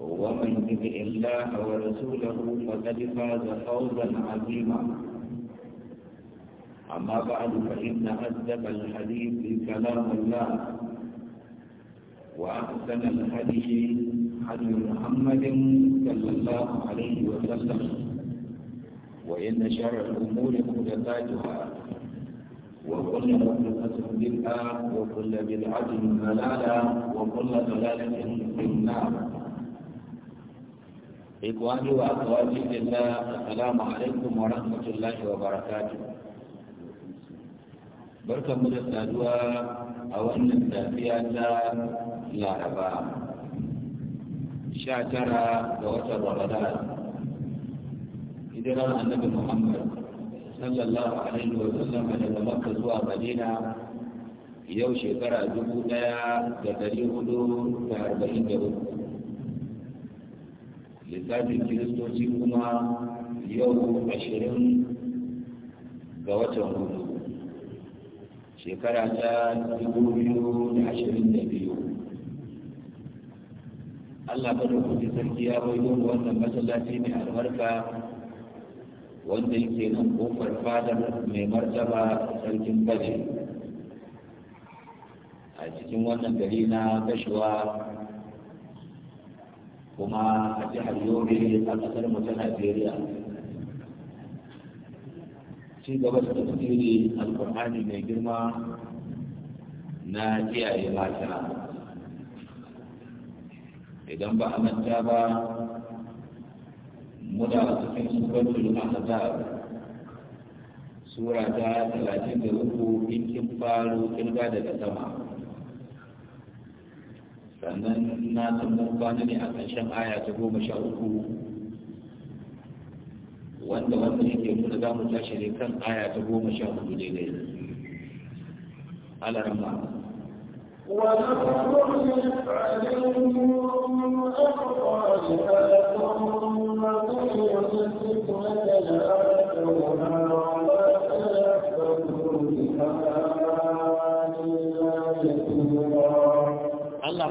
ومن يطع الله ورسوله فقد فاز فوزا عظيما أما بعد فإن أصدق الحديث كلام الله وأحسن الحديث حديث محمد صلى الله عليه وسلم وإن شر الأمور محدثاتها وكل محدثة بدعة وكل بدعة ضلالة وكل ضلالة في النار إخواني wa في الله السلام عليكم Wa الله وبركاته barkan Barka muda saduwa a wannan tafiya ta laraba sha tara ga watan ramadan hijirar annabi muhammad sallallahu alaihi wa sallam daga makka zuwa madina yau shekara dubu daya da dari hudu da arba'in da uku littafin kiristoci kuma yau ashirin ga watan hudu shekara ta dubu biyu da ashirin da biyu allah ba da kudi sarki ya bai yi wannan masallaci mai albarka wanda yake nan kofar fadar mai martaba sarkin bade a cikin wannan gari na gashuwa kuma a jihar yobe a ƙasar mutum ta najeriya ci gaba da tafsiri alkur'ani mai girma na iyaye mata idan ba a manta ba muna cikin suratul ahzab sura ta 33 in kin faro kin daga sama sannan na san mun ne a ƙarshen aya ta goma sha uku wanda wanda yake nuna za mu tashi ne kan aya ta goma sha hudu daidai alarma ونخرج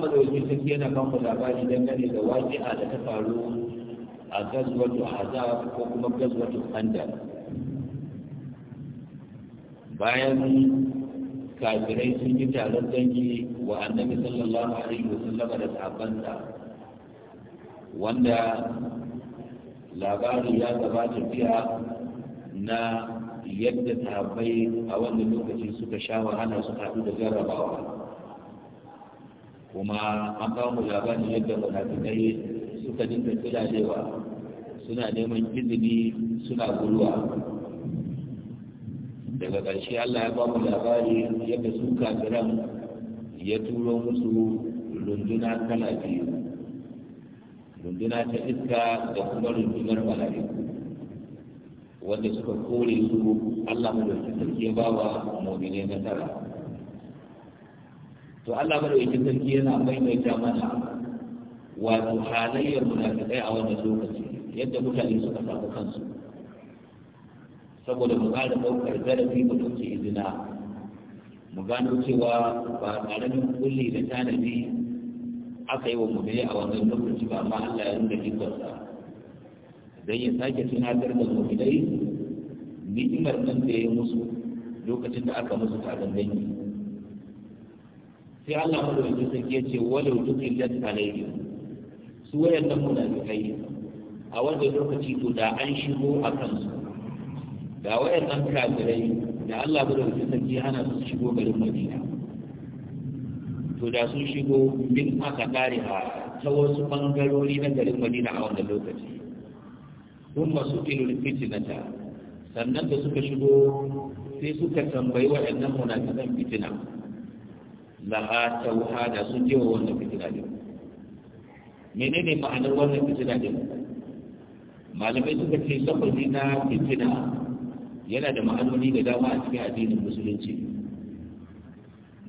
da wajen sarki yana kan mu labari dangane da waƙi'a da ta faru a da azab ko kuma da kanda bayan kafirai sun yi taron dangi wa annabi sallallahu alaihi sallama da sabanta wanda labarin ya gabata tafiya na yadda tabai a wannan lokaci suka sha wahala su haɗu da jarrabawa kuma an ba mu labarin yadda munafikai suka dinga cewa suna neman izini suna guduwa daga ƙarshe Allah ya ba mu labari yadda su kafiran ya turo musu runduna kala biyu runduna ta iska da kuma rundunar malari wanda suka kore su Allah mu da sarki ba wa nasara to Allah madaukakin sarki yana maimaita mana wato halayyar munafikai a wannan lokaci yadda mutane suka samu kansu saboda mu gane ɗaukar zarafi mu ɗauki izina mu gano cewa ba ƙaramin kulli da tanadi aka yi wa mu a wannan lokaci ba ma Allah ya rinda ikonsa don ya sake tunatar da mummunai ni'imar nan da ya musu lokacin da aka musu taron dangi sai Allah madawacin sarki ya ce walau dukin ta alayhi su wayannan kai a wanda lokaci to da an shigo a kansu ga wayannan kafirai da Allah madawacin sarki hana su shigo garin Madina to da sun shigo min aka kare ha ta wasu bangarori na garin Madina a wannan lokaci sun masu ilul fitinata sannan da suka shigo sai suka tambayi waɗannan munafikan fitina la atauha da sun je wannan fitina din menene ma'anar wannan fitina din malamai suka ce lafazi na fitina yana da ma'anoni da dama a cikin addinin musulunci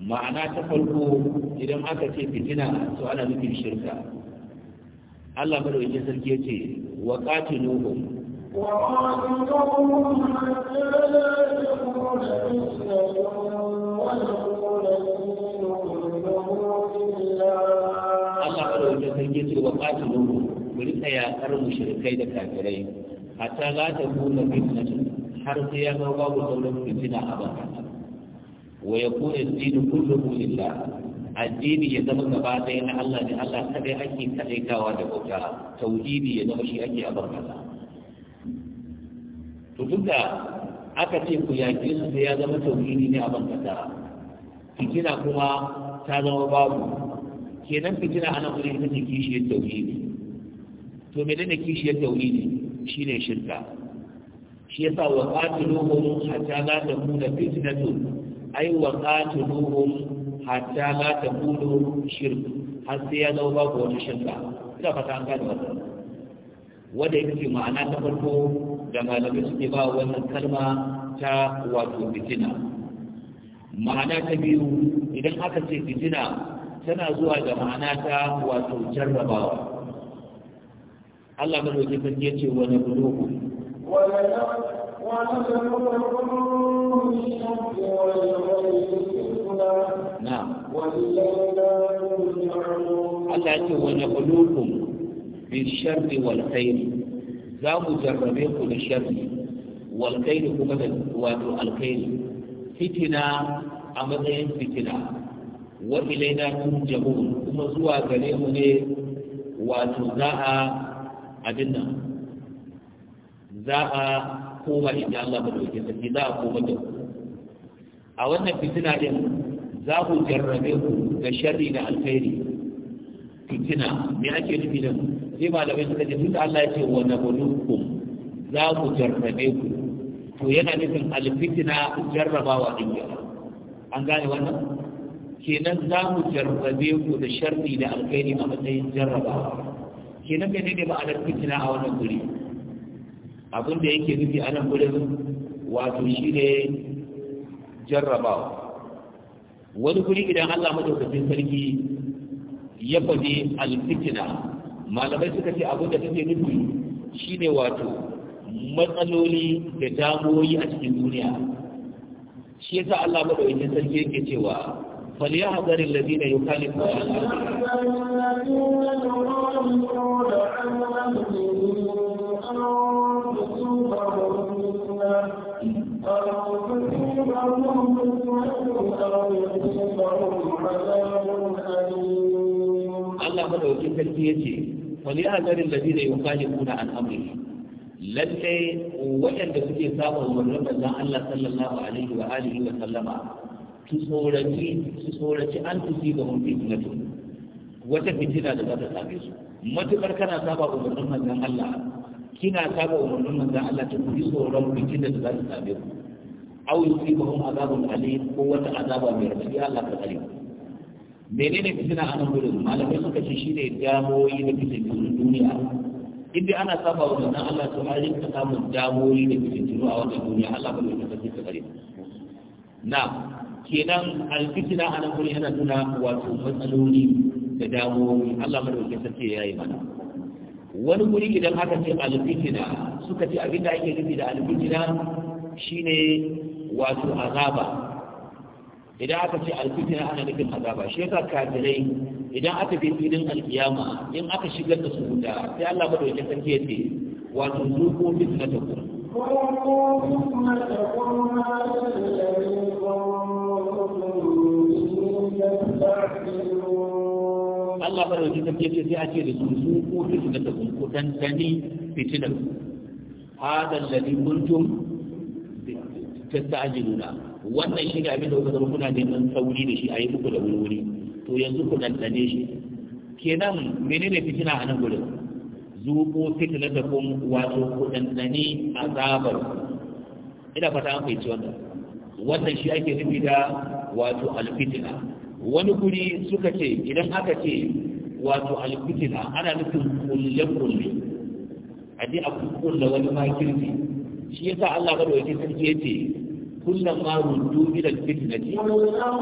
ma'ana ta farko idan aka ce fitina to ana nufin shirka Allah madaukakin sarki ya ce wa katilu وقاتلوهم حتى لا ya ce wa mu yaƙar mushrikai da kafirai hatta za ta kuna fitnatu har sai ya zama babu sauran fitina a wa ya kuna dinu addini ya zama gaba ɗaya na Allah ne Allah kadai ake da bauta tauhidi ya zama shi ake a barkata to duk da aka ce ku yaƙi su ya zama tauhidi ne a fitina kuma ta zama babu kenan fitina ana gurin ta kishiyar tauhidi to me ne kishiyar tauhidi shine shirka shi yasa wa qatiluhum hatta la takuna fitnatun ay wa qatiluhum hatta la takunu shirk har sai ya zama babu wani shirka ina fata an gane wannan wanda yake ma'ana ta farko da malamai suke ba wannan kalma ta wato fitina ma'ana ta biyu idan aka ce fitina tana zuwa da ma'ana ta wato jarrabawa Allah madauki sarki ya ce wani bulugu Allah ya ce wani bulugu bi sharri wal khairi za mu jarrabe ku da sharri wal khairi kuma da wato alkhairi fitina a matsayin fitina wa ilaina turja'un kuma zuwa gare mu ne wato za a abin nan za a koma inda Allah madaukakin ke za a koma da a wannan fitina din za ku jarrabe ku da sharri da alkhairi fitina me ake nufi da sai malamai suka ce tunda Allah ya ce wa nabulukum za ku jarrabe ku to yana nufin alfitina jarrabawa din an gane wannan kenan za mu jarrabe ku da sharri da alkhairi a matsayin jarraba. kenan bai ne dan fitina a wannan guri abin da yake nufi a nan gurin wato shi ne jarrabawa wani guri idan Allah madaukakin sarki ya faɗi alfitina malamai suka ce abin da take nufi shi ne wato matsaloli da damuwoyi a cikin duniya shi yasa Allah madaukakin sarki yake cewa فليحذر الذين يخالفون عن Allah madaukin sarki ya ce, Wani azarin da zai yi kwaje kuna al'amari, lallai waɗanda suke samun wannan manzan Allah sallallahu Alaihi wa alihi wa sallama su tsoraci su tsoraci an tusi ga mun fitnatu wata fitina da za ta same su matukar kana saba umarnin manzon Allah kina saba umarnin manzon Allah ta ku tsoron fitina da za ta same ku aw yusibahum azabun alim ko wata azaba mai rafi Allah ta tsare menene fitina a nan gurin malamai suka ce shi shine damoyi da fitintun duniya inda ana saba wa manzon Allah to an rinka samun damoyi da fitintun a wannan duniya Allah ba zai kasance ka tsare na kenan alfitina a nan gurin yana nuna wato matsaloli da damuwoyi Allah madaukakin sarki ya yi mana wani guri idan aka ce alfitina suka ce abin da ake nufi da alfitina shine wato azaba idan aka ce alfitina ana nufin azaba shi yasa kafirai idan aka bi filin alkiyama in aka shigar da su wuta sai Allah madaukakin sarki ya ce wato zuko fitnatakum Allah sai da su تحذرون الله فرد ko في سيأتي لسوسوك فتنتكم وتنتني فتنة ta sa كنتم nuna. wannan shi ne abin da kuka zama kuna neman sauri da shi a yi muku da wuri to yanzu ku dandane shi kenan menene fitina a nan gudun? zuko fitilar da kun wato ku dandane tsabar. ina fata an fahimci wannan wannan shi ake nufi da wato alfitina wani guri suka ce idan aka ce wato alfitina ana nufin kulle-kulle a ji a kulle wani makirci shi yasa Allah ba da wani sarki ya ce kullum ma rundu bi da fitina ce Allah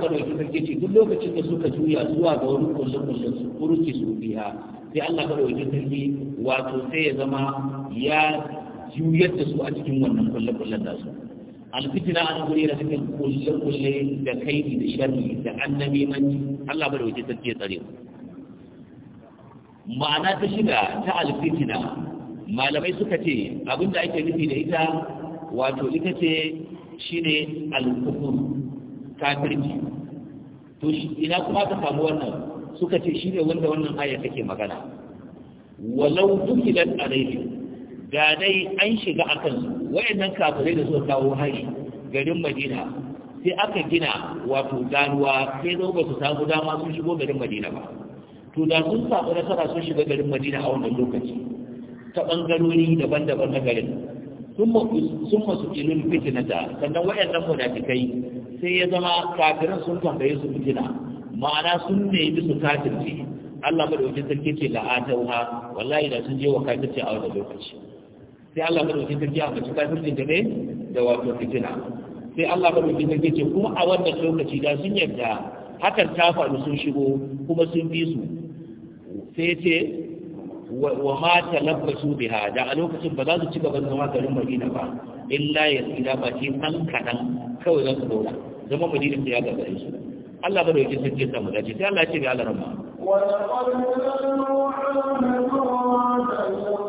ba da wani sarki ce duk lokacin da suka juya zuwa ga wani kulle-kulle su kurci su biya sai Allah ba da wani sarki wato sai ya zama ya juyar da su a cikin wannan kulle-kullen da su alfitina an gure da cikin kulle-kulle da kaidi da sharri da annabi manci Allah bada waje sarki ya tsare ma'ana ta shiga ta alfitina malamai suka ce abinda ake nufi da ita wato ita ce shine alkufur kafirci to ina kuma ta samu wannan suka ce shine wanda wannan aya take magana walau dukilat alaihim da dai an shiga a kansu wayannan kafirai da suka kawo hari garin madina sai aka gina wato ganuwa sai zo ba su samu dama sun shigo garin madina ba to da sun samu nasara sun shiga garin madina a wannan lokaci ta bangarori daban-daban na garin sun masu ilin fitinata sannan wayannan munafikai sai ya zama kafirin sun tambaye su fitina ma'ana sun nemi su kafirce Allah wajen sarki ce la'atauha wallahi da sun je wa kafirce a wannan lokaci sai Allah madaukakin tafiya a cikin kafin jinta ne da wato fitina sai Allah madaukakin tafiya ce kuma a wannan lokaci da sun yarda hakan ta faru sun shigo kuma sun bi su sai ce wa ma talabbasu ha da a lokacin ba za su ci gaba zama garin Madina ba illa ya tsira ba ce san kaɗan kawai za su zauna zama Madina ta ya gaba su Allah madaukakin sarki ya samu dace sai Allah ya ce ga Allah rahma wa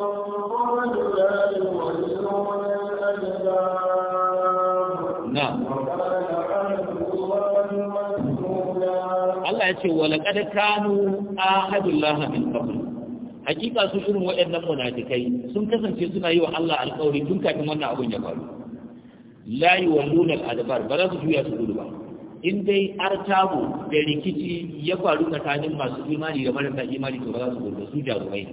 Allah ya ce walaƙad kanu ahadullah min qabl hakika su irin waɗannan munafikai sun kasance suna yi wa Allah alƙawari tun kafin wannan abun ya faru la yuwalluna al-adbar ba za su juya su gudu ba in dai artabu da rikici ya faru tsakanin masu imani da marasa imani to ba za su gudu su jarumai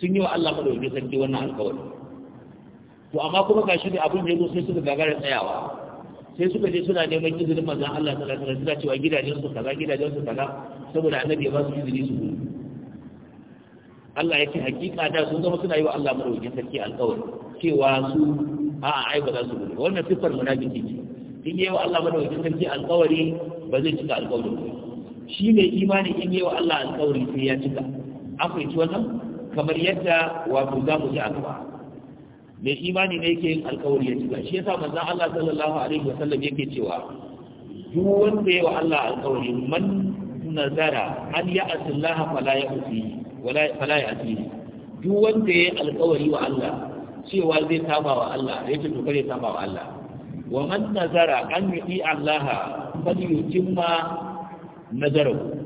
sun yi wa Allah madawar sarki wannan alƙawari to amma kuma gashi da abin da ya zo sai suka gagara tsayawa sai suka je suna neman izinin maza Allah ta lantarki suna cewa gidajen su kaza gidajen su kaza saboda annabi ya ba su izini su gudu. Allah ya ce hakika da sun zama suna yi wa Allah wajen sarki alƙawari cewa su a ai ba za su gudu wannan siffar munafiki ce in yi wa Allah wajen sarki alƙawari ba zai cika alƙawarin ba shi ne imanin in yi wa Allah alƙawari sai ya cika an fahimci wannan kamar yadda wato za mu ji a gaba mai imani ne yake yin alkawari ya cika shi yasa manzon Allah sallallahu alaihi wasallam yake cewa duk wanda yayi wa Allah alkawari man nazara an ya'ti Allah fala ya'ti wala fala ya'ti duk wanda yayi alkawari wa Allah cewa zai saba wa Allah yake to kare saba wa Allah wa man nazara an yuti Allah fa yutimma nazarahu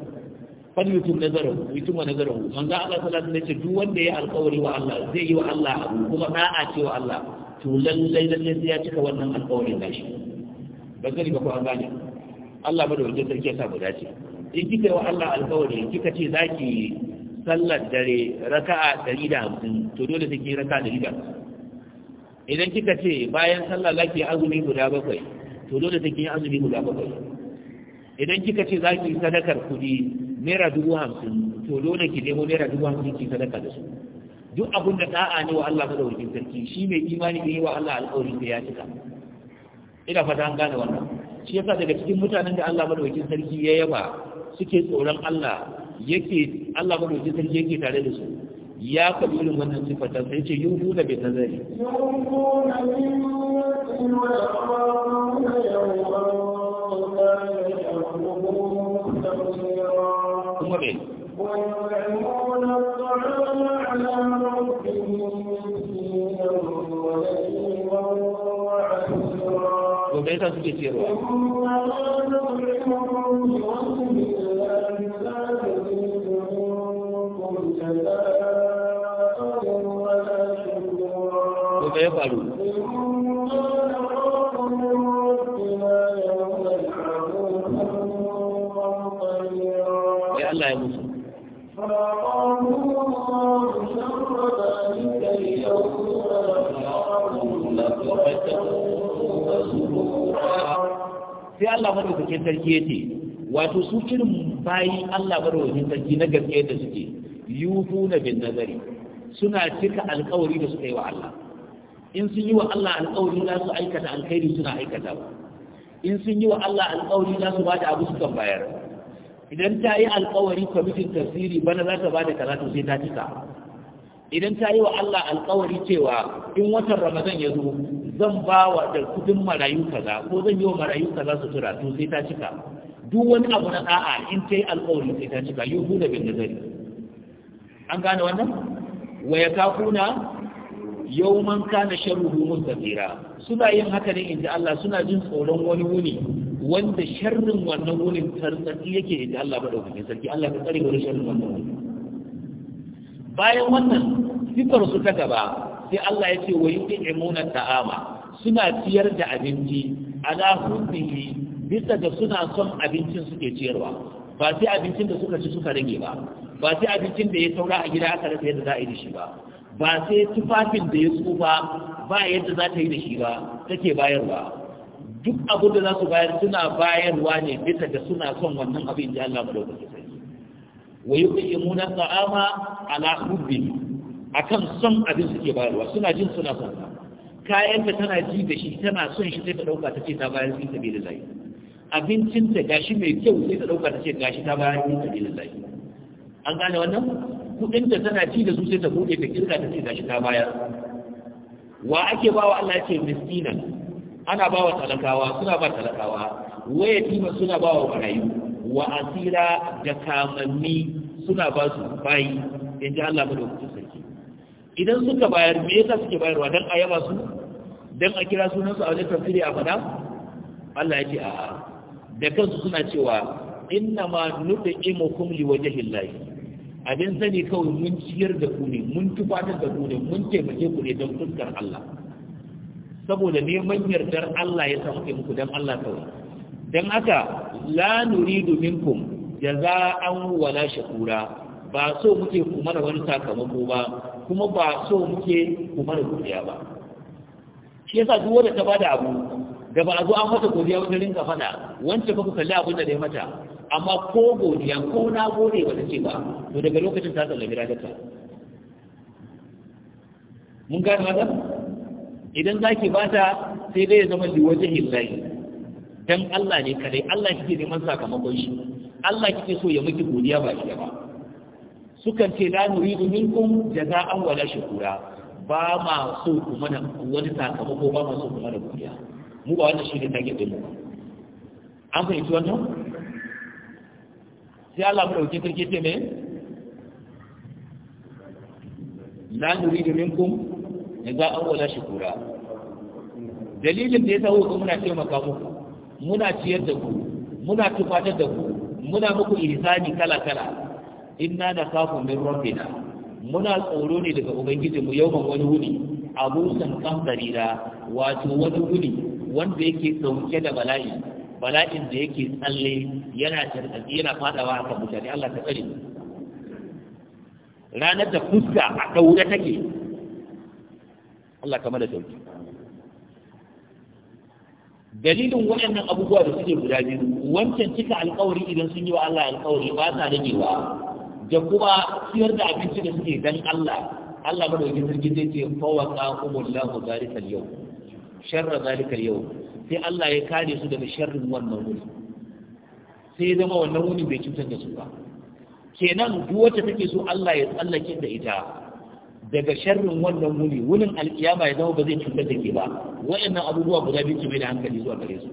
fal yutum nazarahu yutum nazarahu manzo Allah sallallahu alaihi wasallam duk wanda ya alƙawari wa Allah zai yi wa Allah abu kuma da'a ce wa Allah to lallai lallai sai ya cika wannan alƙawarin nashi ba zai ba ko an gane Allah ba da wajen sarki ya sa mu dace in kika wa Allah alƙawari kika ce zaki sallar dare raka'a 150 to dole sai ki raka'a 150 idan kika ce bayan sallah zaki azumi guda bakwai to dole sai ki azumi guda bakwai idan kika ce zaki sadakar kudi naira dubu hamsin to dole ki nemo naira dubu hamsin ki sadaka da su duk abin da da'a ne wa Allah wajen sarki shi mai imani ne wa Allah alƙawari da ya cika ina fata an gane wannan shi yasa daga cikin mutanen da Allah madaukakin sarki ya yaba suke tsoron Allah yake Allah madaukakin sarki yake tare da su ya faɗi irin wannan sifata sai ce yin hula bai ta kuma gobe ta suke ciyarwa ya faru ya Allah ya musu sai Allah sarki ya ce wato su kirin bayi Allah madaukakin sarki na gaske da suke yufu na bin nazari suna cika alkawari da suka yi wa Allah in sun yi wa Allah alƙawari za su aikata alkhairi suna aikata ba in sun yi wa Allah alƙawari za su ba da abu kan bayar idan ta yi alƙawari kwamitin tasiri bana za ta ba da karatu sai ta cika idan ta yi wa Allah alƙawari cewa in watan ramadan ya zo zan ba wa da kudin marayu kaza ko zan yi wa marayu kaza su tura to sai ta cika duk wani abu na da'a in ta yi alƙawari sai ta cika yuhu da bin nazari an gane wannan wa kafuna? Yau yawman kana sharruhu mustatira suna yin haka ne inda Allah suna jin tsoron wani wuni wanda sharrin wannan wunin tartsatsi yake inda Allah madaukakin sarki Allah ka tsare wani sharrin wannan wuni bayan wannan fitar su ta gaba sai Allah ya ce wa yuqimuna ta'ama suna ciyar da abinci ala hubbihi bisa da suna son abincin suke ciyarwa ba sai abincin da suka ci suka rage ba ba sai abincin da ya saura a gida aka rasa yadda za a yi da shi ba ba sai tufafin da ya tsufa ba yadda za ta yi da shi ba take bayarwa duk abin da za su bayar suna bayarwa ne bisa da suna son wannan abin da Allah ta sai wa yuqimuna ta'ama ala hubbi kan son abin suke bayarwa suna jin suna son kayan da tana ji da shi tana son shi sai ta dauka ce ta bayar sai ta bi da zai abincin ta gashi mai kyau sai ta dauka ce gashi ta bayar sai ta bi da zai an gane wannan da tana ci da su sai ta bude ta kirka ta ce gashi ta bayar wa ake bawa Allah ce miskina ana bawa talakawa suna ba talakawa wa tima suna bawa marayu. wa asira da kamanni suna ba su bayi in ji Allah ba da hukuncin sarki idan suka bayar me yasa suke bayarwa dan a yaba su dan a kira sunan su a wajen tafsiri a fada Allah ya ce a'a da kansu suna cewa inna ma nuti'imukum liwajhillahi abin sani kawai mun ciyar da ku ne mun tufatar da ku ne mun taimake ku ne don fuskar Allah saboda neman yardar Allah ya sauke muku don Allah kawai don haka la nuridu minkum jaza'an wala shakura ba so muke ku mara wani sakamako ba kuma ba so muke ku mara godiya ba shi yasa duk wanda ta bada abu da ba a zo an mata godiya wajen rinka fada wanda kuka kalli abin da ya mata amma ko godiya ko na gode ba ta ce ba to daga lokacin ta tsallaki ta mun gane haka idan zaki ba ta sai dai ya zama liwajen hillahi dan Allah ne kadai Allah kike neman sakamakon shi Allah kike so ya miki godiya ba shi ba sukan ce la nuridu minkum jaza'an la shukura ba ma so ku mana wani sakamako ba ma so ku mana godiya mu ba wannan shi ne take din mu an fahimci wannan sai Allah mu dauke sarki ce me la nuridu minkum jaza'an wala shukura dalilin da ya sa ku muna taimaka muku muna ciyar da ku muna tufatar da ku muna muku ihsani kala kala inna da kafin min rabbina muna tsoro ne daga yau yawman wani wuni san kan darira wato wani wuni wanda yake dauke da bala'i bala'in da yake tsalle yana tarkaci yana fadawa akan mutane Allah ta tsare ranar da fuska a ɗaure take Allah kama da sauki dalilin waɗannan abubuwa da suke guda biyu wancan cika alkawari idan sun yi wa Allah alkawari ba sa ragewa da kuma siyar da abinci da suke dan Allah Allah madaukakin sarki zai ce fa wa qahumullahu zalikal yawm sharra zalikal yau sai Allah ya kare su daga sharrin wannan wuni sai ya zama wannan wuni bai cutar da su ba kenan duk wacce take so Allah ya tsallake da ita daga sharrin wannan wuni wunin alkiyama ya zama ba zai cutar da ke ba wayannan abubuwa guda biyu ke da hankali zuwa gare su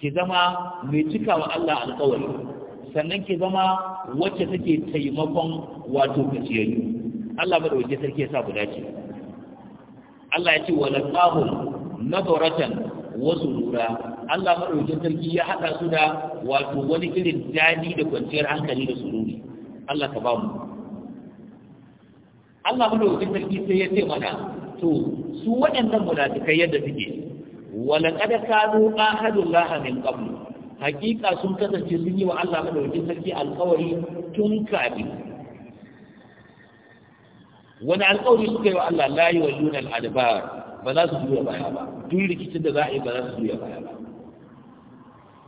ki zama mai cika wa Allah alƙawari sannan ki zama wacce take taimakon wato kaciyayyu. Allah da madawaki sarki ya sa guda ce Allah ya ce wa laqahum nazaratan wasu lura Allah madaukakin sarki ya hada su da wato wani irin dadi da kwanciyar hankali da sururi Allah ka ba mu Allah madaukakin sarki sai ya ce mana to su waɗannan munafikai yadda suke wala kada kanu ahadullahi min qablu hakika sun kasance sun yi wa Allah madaukakin sarki alƙawari tun kafin wani alƙawari suka yi wa Allah la yuwalluna al-adbar ba za su juya baya ba duk rikicin da za a yi ba za su juya baya ba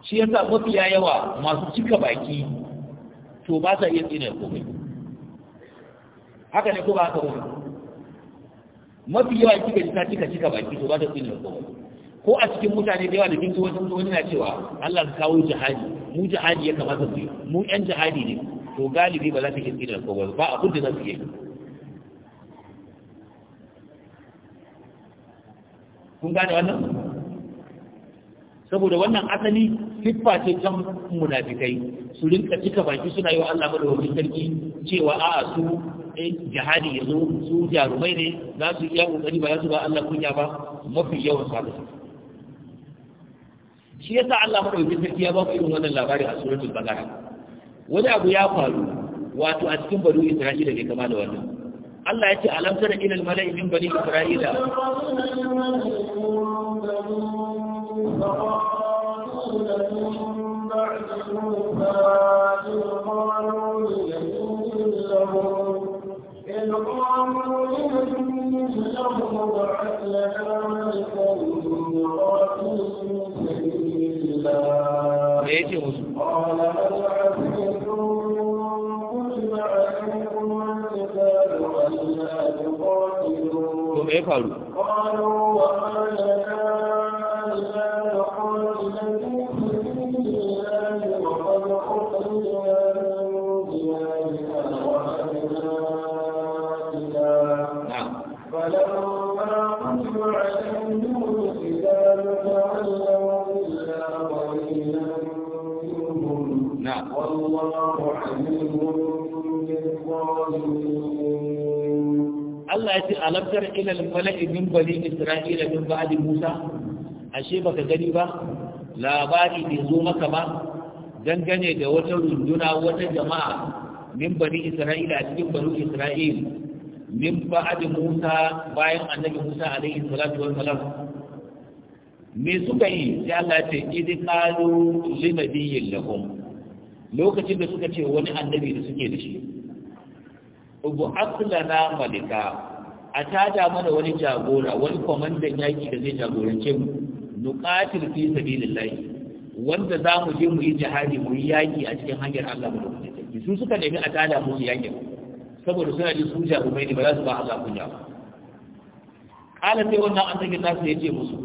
shi yasa mafiya yawa masu cika baki to ba sa iya tsinar komai haka ne ko ba haka ba mafi yawa kika ji ta cika cika baki to ba ta tsinar komai ko a cikin mutane da yawa da kin wani wani na cewa Allah ka kawo jihadi mu jihadi ya kamata su mu yan jihadi ne to galibi ba za ta iya tsinar komai ba abin da za su yi kun gane wannan saboda wannan asali siffa ce can munafikai su rinka cika baki suna yi wa Allah wani sarki cewa a'a su eh, jihadi ya zo su jarumai ne za su iya kokari ba za su ba Allah kunya ba mafi yawan sabu shi yasa Allah wani sarki ya ba ku irin wannan labari a suratul bagara wani abu ya faru wato a cikin banu isra'ila bai kama da wannan Allah ya ce alamtar ilal mala'i min bani Isra'ila Me yake musu? Kome ya faru? Na. Allah ya ce alamtar ila al-mala'i min bani Isra'ila min ba'di Musa ashe baka gani ba labari bai zo maka ba dangane da wata runduna wata jama'a min bani Isra'ila a cikin bani Isra'il min ba'di Musa bayan annabi Musa alaihi salatu wa salam me suka yi sai Allah ya ce idin qalu linabiyyin lahum lokacin da suka ce wani annabi da suke da shi ubu aslana malika a tada mana wani jagora wani kwamandan yaki da zai jagorance mu nuqatil fi sabilillahi wanda za mu je mu yi jihadi mu yi yaki a cikin hanyar Allah mu su suka nemi a tada mu yaki saboda suna ji suja jarumai ne ba za su ba Allah kunya ba kala sai wannan an take nasu ya ce musu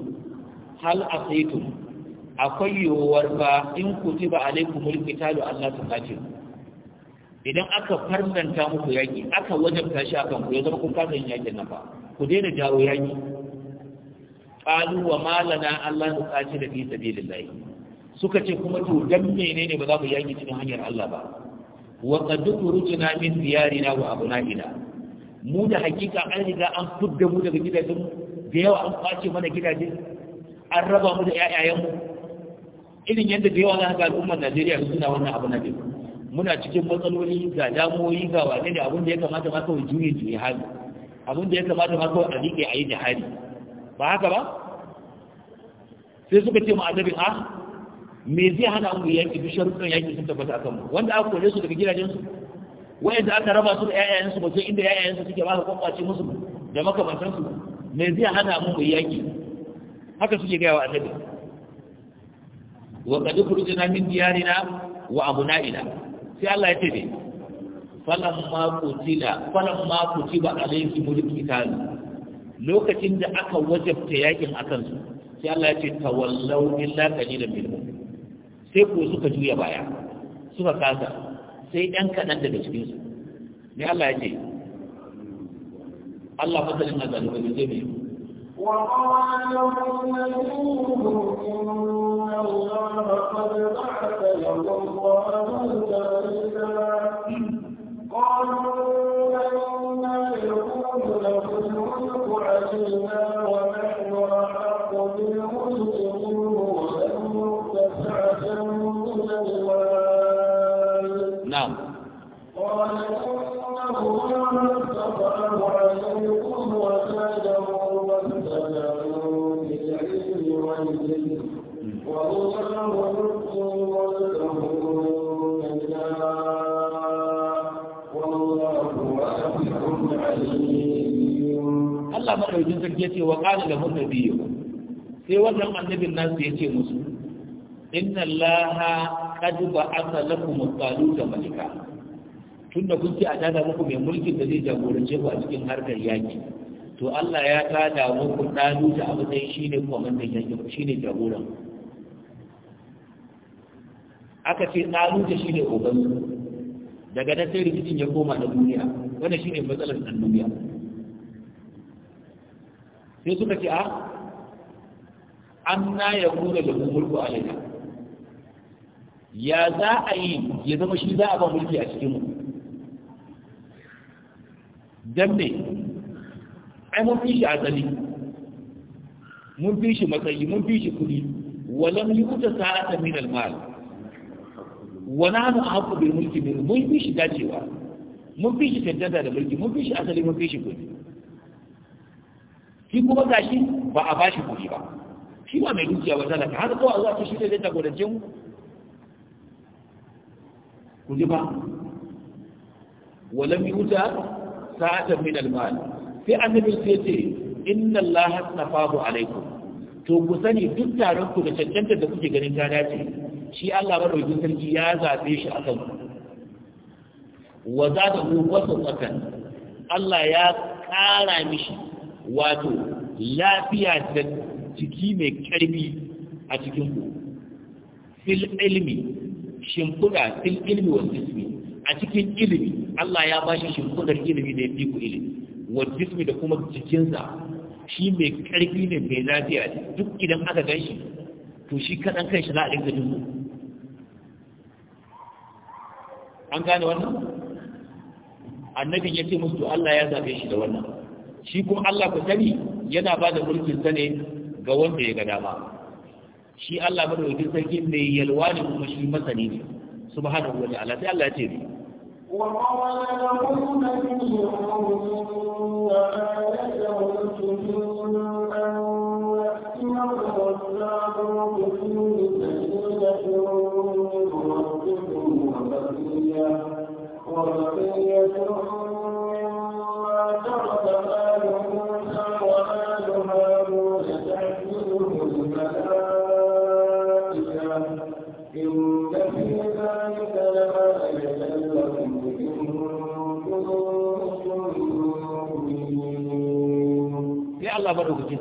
hal asaitum akwai yiwuwar ba in kutiba alaikumul qitalu Allah ta kace idan aka farnanta muku yaƙi aka wajabta shi akan ku ya zama kun kasa yin yaƙin nan ba ku daina jawo yaƙi qalu wa Allah lana kace da fi sabilillah suka ce kuma to dan menene ba za mu yaƙi cikin hanyar Allah ba wa qad khurujna min diyarina wa abna'ina mu da hakika an riga an fudda mu daga gidajen da yawa an kwace mana gidaje an raba mu da ƴaƴayenmu irin yadda da yawa za ka ga al'ummar Najeriya suna wannan abu na biyu muna cikin matsaloli ga damuwoyi ga wane ne abin da ya kamata ma kawai juyin juye hali abin da ya kamata ma kawai a riƙe a yi da hali ba haka ba sai suka ce ma'adabin a ah, me zai hana mu yaƙi duk sharuɗin yaƙi sun tabbata a kanmu wanda aka kore su daga gidajensu wayanda aka raba su da ƴaƴayensu ba sai inda ƴaƴayensu suke ba ka kwakwace musu da makamantansu me zai hana mu mu yaƙi haka suke gaya wa annabi wa qad kurjina min diyarina wa ila sai Allah ya ce ne falan ma kutila falan ma kutiba alayhi mulki tani lokacin da aka wajabta yakin akan su sai Allah ya ce tawallau illa qalilan minhum sai ko suka juya baya suka kasa sai dan kadan daga cikin su ne Allah ya ce Allah fasalin azalubin zai mai وقال لهم إن الله قد بعث قالوا إنا يقول له الملك علينا ce wa da lahu biyu. sai wannan annabin nasu ya ce musu inna allaha qad ba'atha mutalu da malika tunda da ci a tada muku mai mulkin da zai jagorance ku a cikin harkar yaki to Allah ya tada muku ne kuma mun da komandan shi ne jagoran aka ce shi ne ubansu daga nan sai rikicin ya koma na duniya wannan shine matsalar ɗan duniya sai suka ce a ah, anna ya kura da mulku alaina ya za a yi ya zama shi za a ba mulki a cikin mu dan ne ai mun fi shi asali mun fi shi matsayi mun fi shi kudi walam yuta sa'atan min al-mal wa nahnu ahqqu bil mulki min mun fi shi dacewa mun fi shi tantata da mulki mun fi shi asali mun fi shi kudi shi kuma gashi ba a ba shi kuɗi ba shi ba mai dukiya ba talaka haka kawai zuwa ta shi zai jagorance mu ku ji ba walam yuta sa'atan min al-mal sai annabi sai ce inna allaha nafahu alaikum to ku sani duk taron ku da cancanta da kuke ganin ta dace shi Allah madaukakin sarki ya zabe shi akan ku wa zada hu wasaqatan Allah ya kara mishi wato lafiya da jiki mai karfi a cikin ku fil ilmi shimfuda fil ilmi wa jismi a cikin ilimi Allah ya ba shi shimfudar ilimi da ya fi ku ilimi wa jismi da kuma jikinsa shi mai karfi ne mai lafiya duk idan aka gan shi to shi kaɗan kan shi za a ɗin gajin mu an gane wannan annabin ya ce musu Allah ya zaɓe shi da wannan shi kuma Allah ku sani yana ba da mulkin sa ne ga wanda ya ga dama shi Allah madaukakin sarki mai yalwa ne kuma shi masani ne subhanahu wa ta'ala sai Allah ya ce ni wa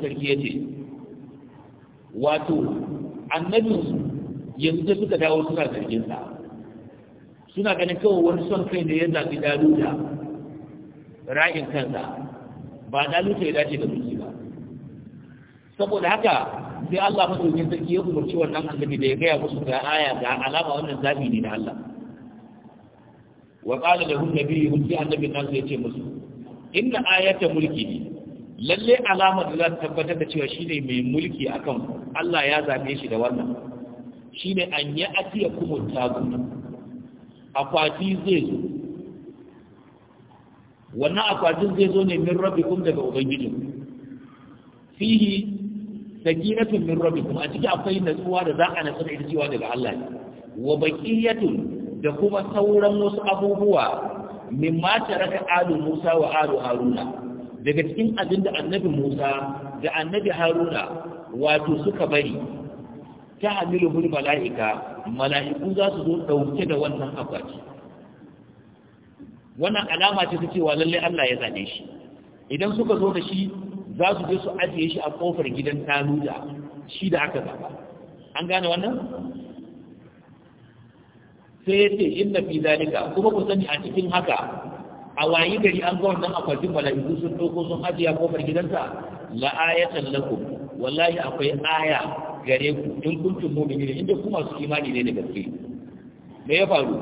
sarki ce wato annabinsu yanzu da suka dawo suna zarginsa suna ganin kawai wani son kai da ya zaɓi daluta ra'in kansa ba daluta ya dace da zuci ba saboda haka sai Allah madaukin sarki ya umarci wannan annabi da ya gaya musu ga aya ga alama wannan zaɓi ne na Allah wa qala lahum nabiyyuhum fi annabi nan sai ya ce musu inna ayata mulki lalle alamar da za ta tabbatar da cewa shine mai mulki akan Allah ya zabe shi da wannan shine an ya atiya kuma tagu akwati zai zo wannan akwatin zai zo ne min rabbikum daga ubangiji fihi sakinatu min rabbikum a cikin akwai natsuwa da za a natsu da ita cewa daga Allah ne wa baqiyatu da kuma sauran wasu abubuwa mimma taraka alu Musa wa alu Haruna daga cikin abin da annabi Musa da annabi Haruna wato suka bari ta hamiluhul mala'ika mala'iku za su zo ɗauke da wannan akwati wannan alama ce ta cewa lallai Allah ya zane shi idan suka zo da shi za su je su ajiye shi a ƙofar gidan taluda shi da aka zaba an gane wannan sai ya ce inna fi zalika kuma ku sani a cikin haka a wayi gari an ga nan akwatin mala'iku sun doko sun ya kofar gidansa la ayatan lakum wallahi akwai aya gare ku in kuntum mu'minin inda kuma su imani ne da gaske me ya faru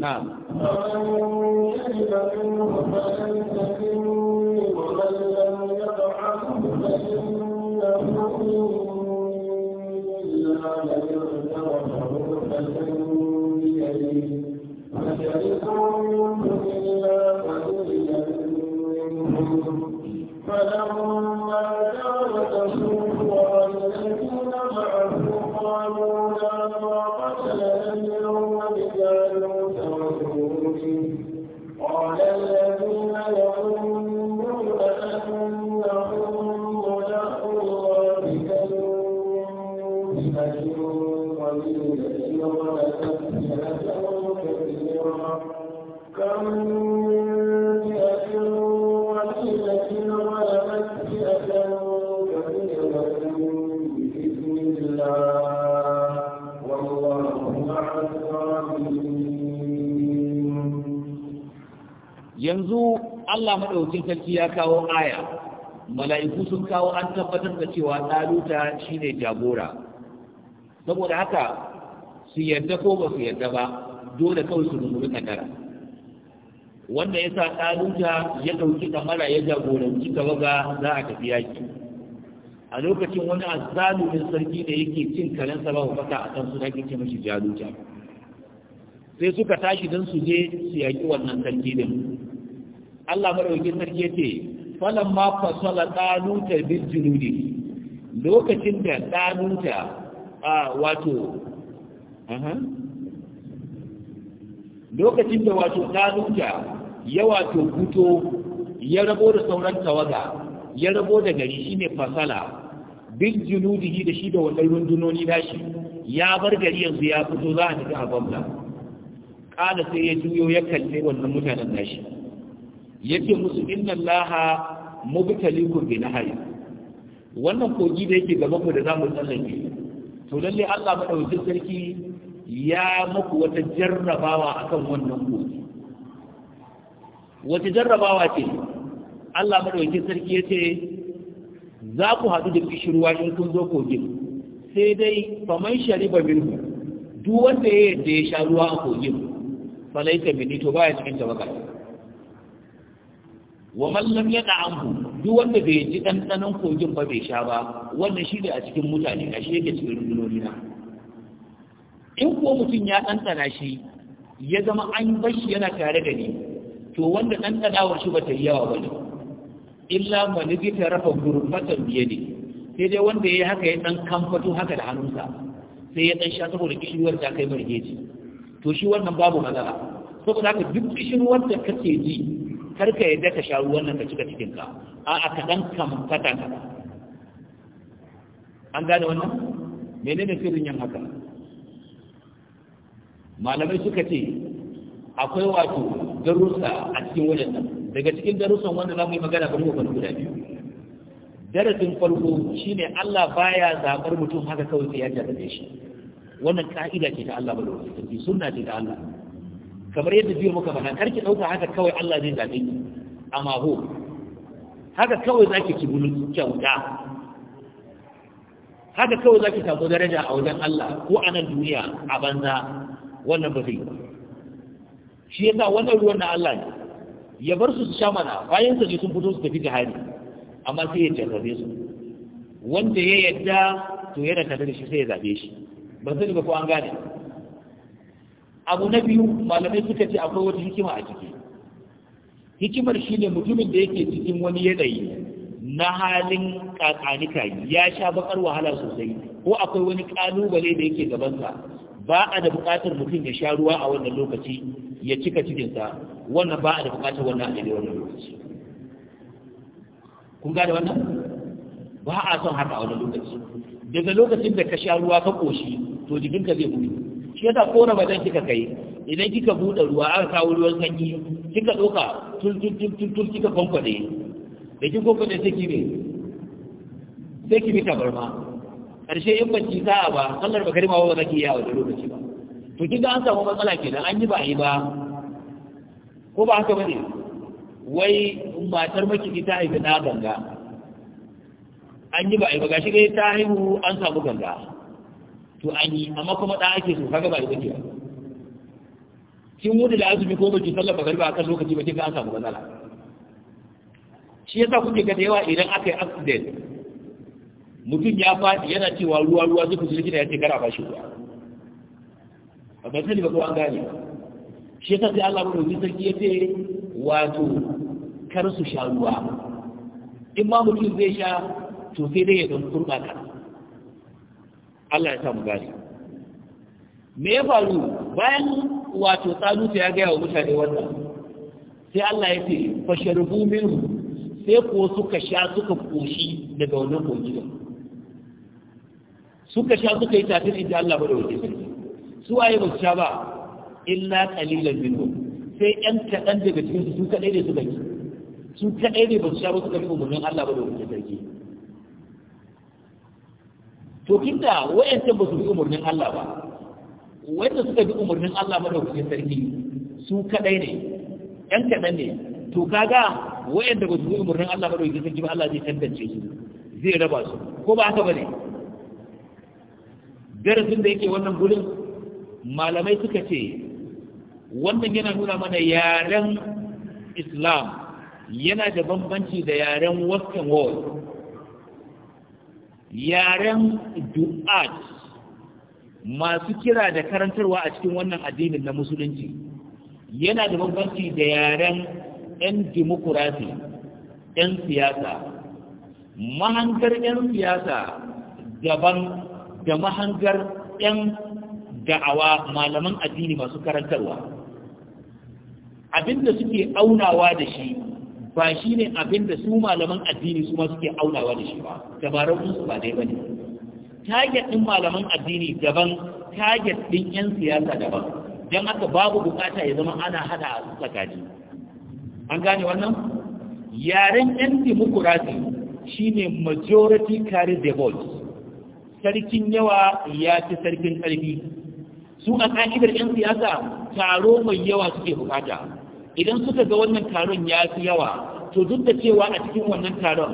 na فلما Allah madaukakin sarki ya kawo aya mala'iku sun kawo an tabbatar da cewa ɗaluta shine jagora saboda haka su yadda ko ba su yadda ba dole kawai su rubuta kadara wanda ya sa ɗaluta ya ɗauki kamara ya jagoranci gaba ga za a tafi yaki a lokacin wani azalumin sarki ne yake cin karen sa fata a kan suna kike mishi jaluta sai suka tashi don su je su yaƙi wannan sarki din Allah madaukakin sarki yace falamma fasala taluta bil junudi lokacin da taluta a wato aha lokacin da wato taluta ya wato guto ya rabo da sauran tawaga ya rabo da gari shine fasala bil junudi da shi da wannan rundunoni dashi ya bar gari yanzu ya fito za a tafi a gwamna kala sai ya juyo ya kalle wannan mutanen nashi yake musu inna allaha mubtalikum bi nahari wannan kogi da yake gaban ku da zamu tsallake to lalle Allah dauki sarki ya muku wata jarrabawa akan wannan kogi wata jarrabawa ce Allah dauki sarki yace za ku hadu da kishirwa in kun zo kogin sai dai faman shariba minhu duk wanda ya yadda ya sha ruwa a kogin falaita mini to baya cikin tabakar wa mallam ya da'anku duk wanda bai ji ɗanɗanon kogin ba bai sha ba wannan shi ne a cikin mutane a shi cikin rundunoni na in ko mutum ya ɗanɗana shi ya zama an bashi yana tare da ni to wanda ɗanɗanawar shi ba ta yi yawa ba ne illa maliki ta rafa gurbatan biye ne sai dai wanda ya yi haka ya ɗan kamfato haka da hannunsa sai ya ɗan sha saboda kishiyuwar ta kai geji to shi wannan babu matsala saboda haka duk kishiyar da kake ji karka yadda ka sha ruwan nan ka cika cikinka a a ka ɗan kamfata ka an gane wannan menene sirrin yin haka malamai suka ce akwai wato darussa a cikin wajen nan daga cikin darussan wanda za mu yi magana ba mu faru guda biyu darasin farko shine Allah baya zabar mutum haka kawai sai ya jarrabe shi wannan ka'ida ce ta Allah ba da wasu sunna ce ta Allah kamar yadda jiya muka faɗa karki ɗauka haka kawai Allah zai zaɓe ki amma ho haka kawai zaki ki bulu kyauta haka kawai zaki samu daraja a wajen Allah ko a nan duniya a banza wannan ba zai yi shi yasa wannan ruwan na Allah ne ya bar su su sha mana bayan su sun fito su tafi jihadi amma sai ya jarrabe su wanda ya yadda to yana tare da shi sai ya zaɓe shi ban sani ba ko an gane abu na biyu malamai suka ce akwai wata hikima a ciki hikimar shine mutumin da yake cikin wani yanayi na halin kakanika ya sha bakar wahala sosai ko akwai wani kalubale da yake gabansa ba a da bukatar mutum ya sha ruwa a wannan lokaci ya cika cikinsa wannan ba a da bukatar wannan a wannan lokaci kun gane wannan ba a son haka a wannan lokaci daga lokacin da ka sha ruwa ka koshi to jikinka zai mutu shi yasa ko ramadan kika kai idan kika buɗe ruwa an kawo ruwan sanyi kika ɗauka tun kika kwankwaɗe da kin kwankwaɗe sai ki sai ki bi tabarma ƙarshe in bacci sa'a ba sallar bakari ma ba zaki yawa da lokaci ba to kin an samu matsala kenan an yi ba yi ba ko ba haka bane wai matar maki ta haifi na ganga an yi ba a yi ba gashi dai ta haihu an samu ganga to an yi amma kuma da ake so kaga ba ita ce kin wuce da azumi ko baki sallar bakar ba akan lokaci ba kika an samu matsala shi yasa kuke ga da yawa idan akai accident mutum ya faɗi yana cewa ruwa ruwa zuku ji likita ya ce kara bashi ruwa a ban ba ko an gane shi yasa sai Allah mai sarki ki yace wato kar su sha ruwa in ma mutum zai sha to sai dai ya don kurɓa Allah ya sa mu gane me ya faru bayan wato tsaluta ya gaya wa mutane wannan sai Allah ya ce fasharbu minhu sai ko suka sha suka koshi daga wannan kogi suka sha suka yi tafi inda Allah ba da wuce sarki su waye ba su sha ba illa qalilan minhum sai ƴan kaɗan daga cikin su kaɗai ne suka yi su kaɗai ne ba su sha ba suka yi umarnin Allah ba da wuce sarki to tunda wayancan ba su bi umarnin Allah ba wanda suka bi umarnin Allah madaukakin sarki su kadai ne yan kadan ne to kaga wayanda ba su bi umarnin Allah madaukakin sarki ba Allah zai tantance su zai raba su ko ba haka bane darasin da yake wannan gurin malamai suka ce wannan yana nuna mana yaren islam yana da bambanci da yaren western world yaren du'at masu kira da karantarwa a cikin wannan addinin na musulunci yana da bambanci da yaren 'yan dimokurafi 'yan siyasa mahangar 'yan siyasa daban da mahangar 'yan da'awa malaman addini masu karantarwa abinda suke aunawa da shi ba shi ne abin da su malaman addini su ma suke aunawa da shi ba dabarun su ba dai bane target din malaman addini daban target din yan siyasa daban dan haka babu bukata ya zama ana hada a tsakani an gane wannan yaren yan demokrasi shine majority carry the vote sarkin yawa ya fi sarkin ƙarfi. su a ƙa'idar yan siyasa taro mai yawa suke bukata idan suka ga wannan taron ya fi yawa to duk da cewa a cikin wannan taron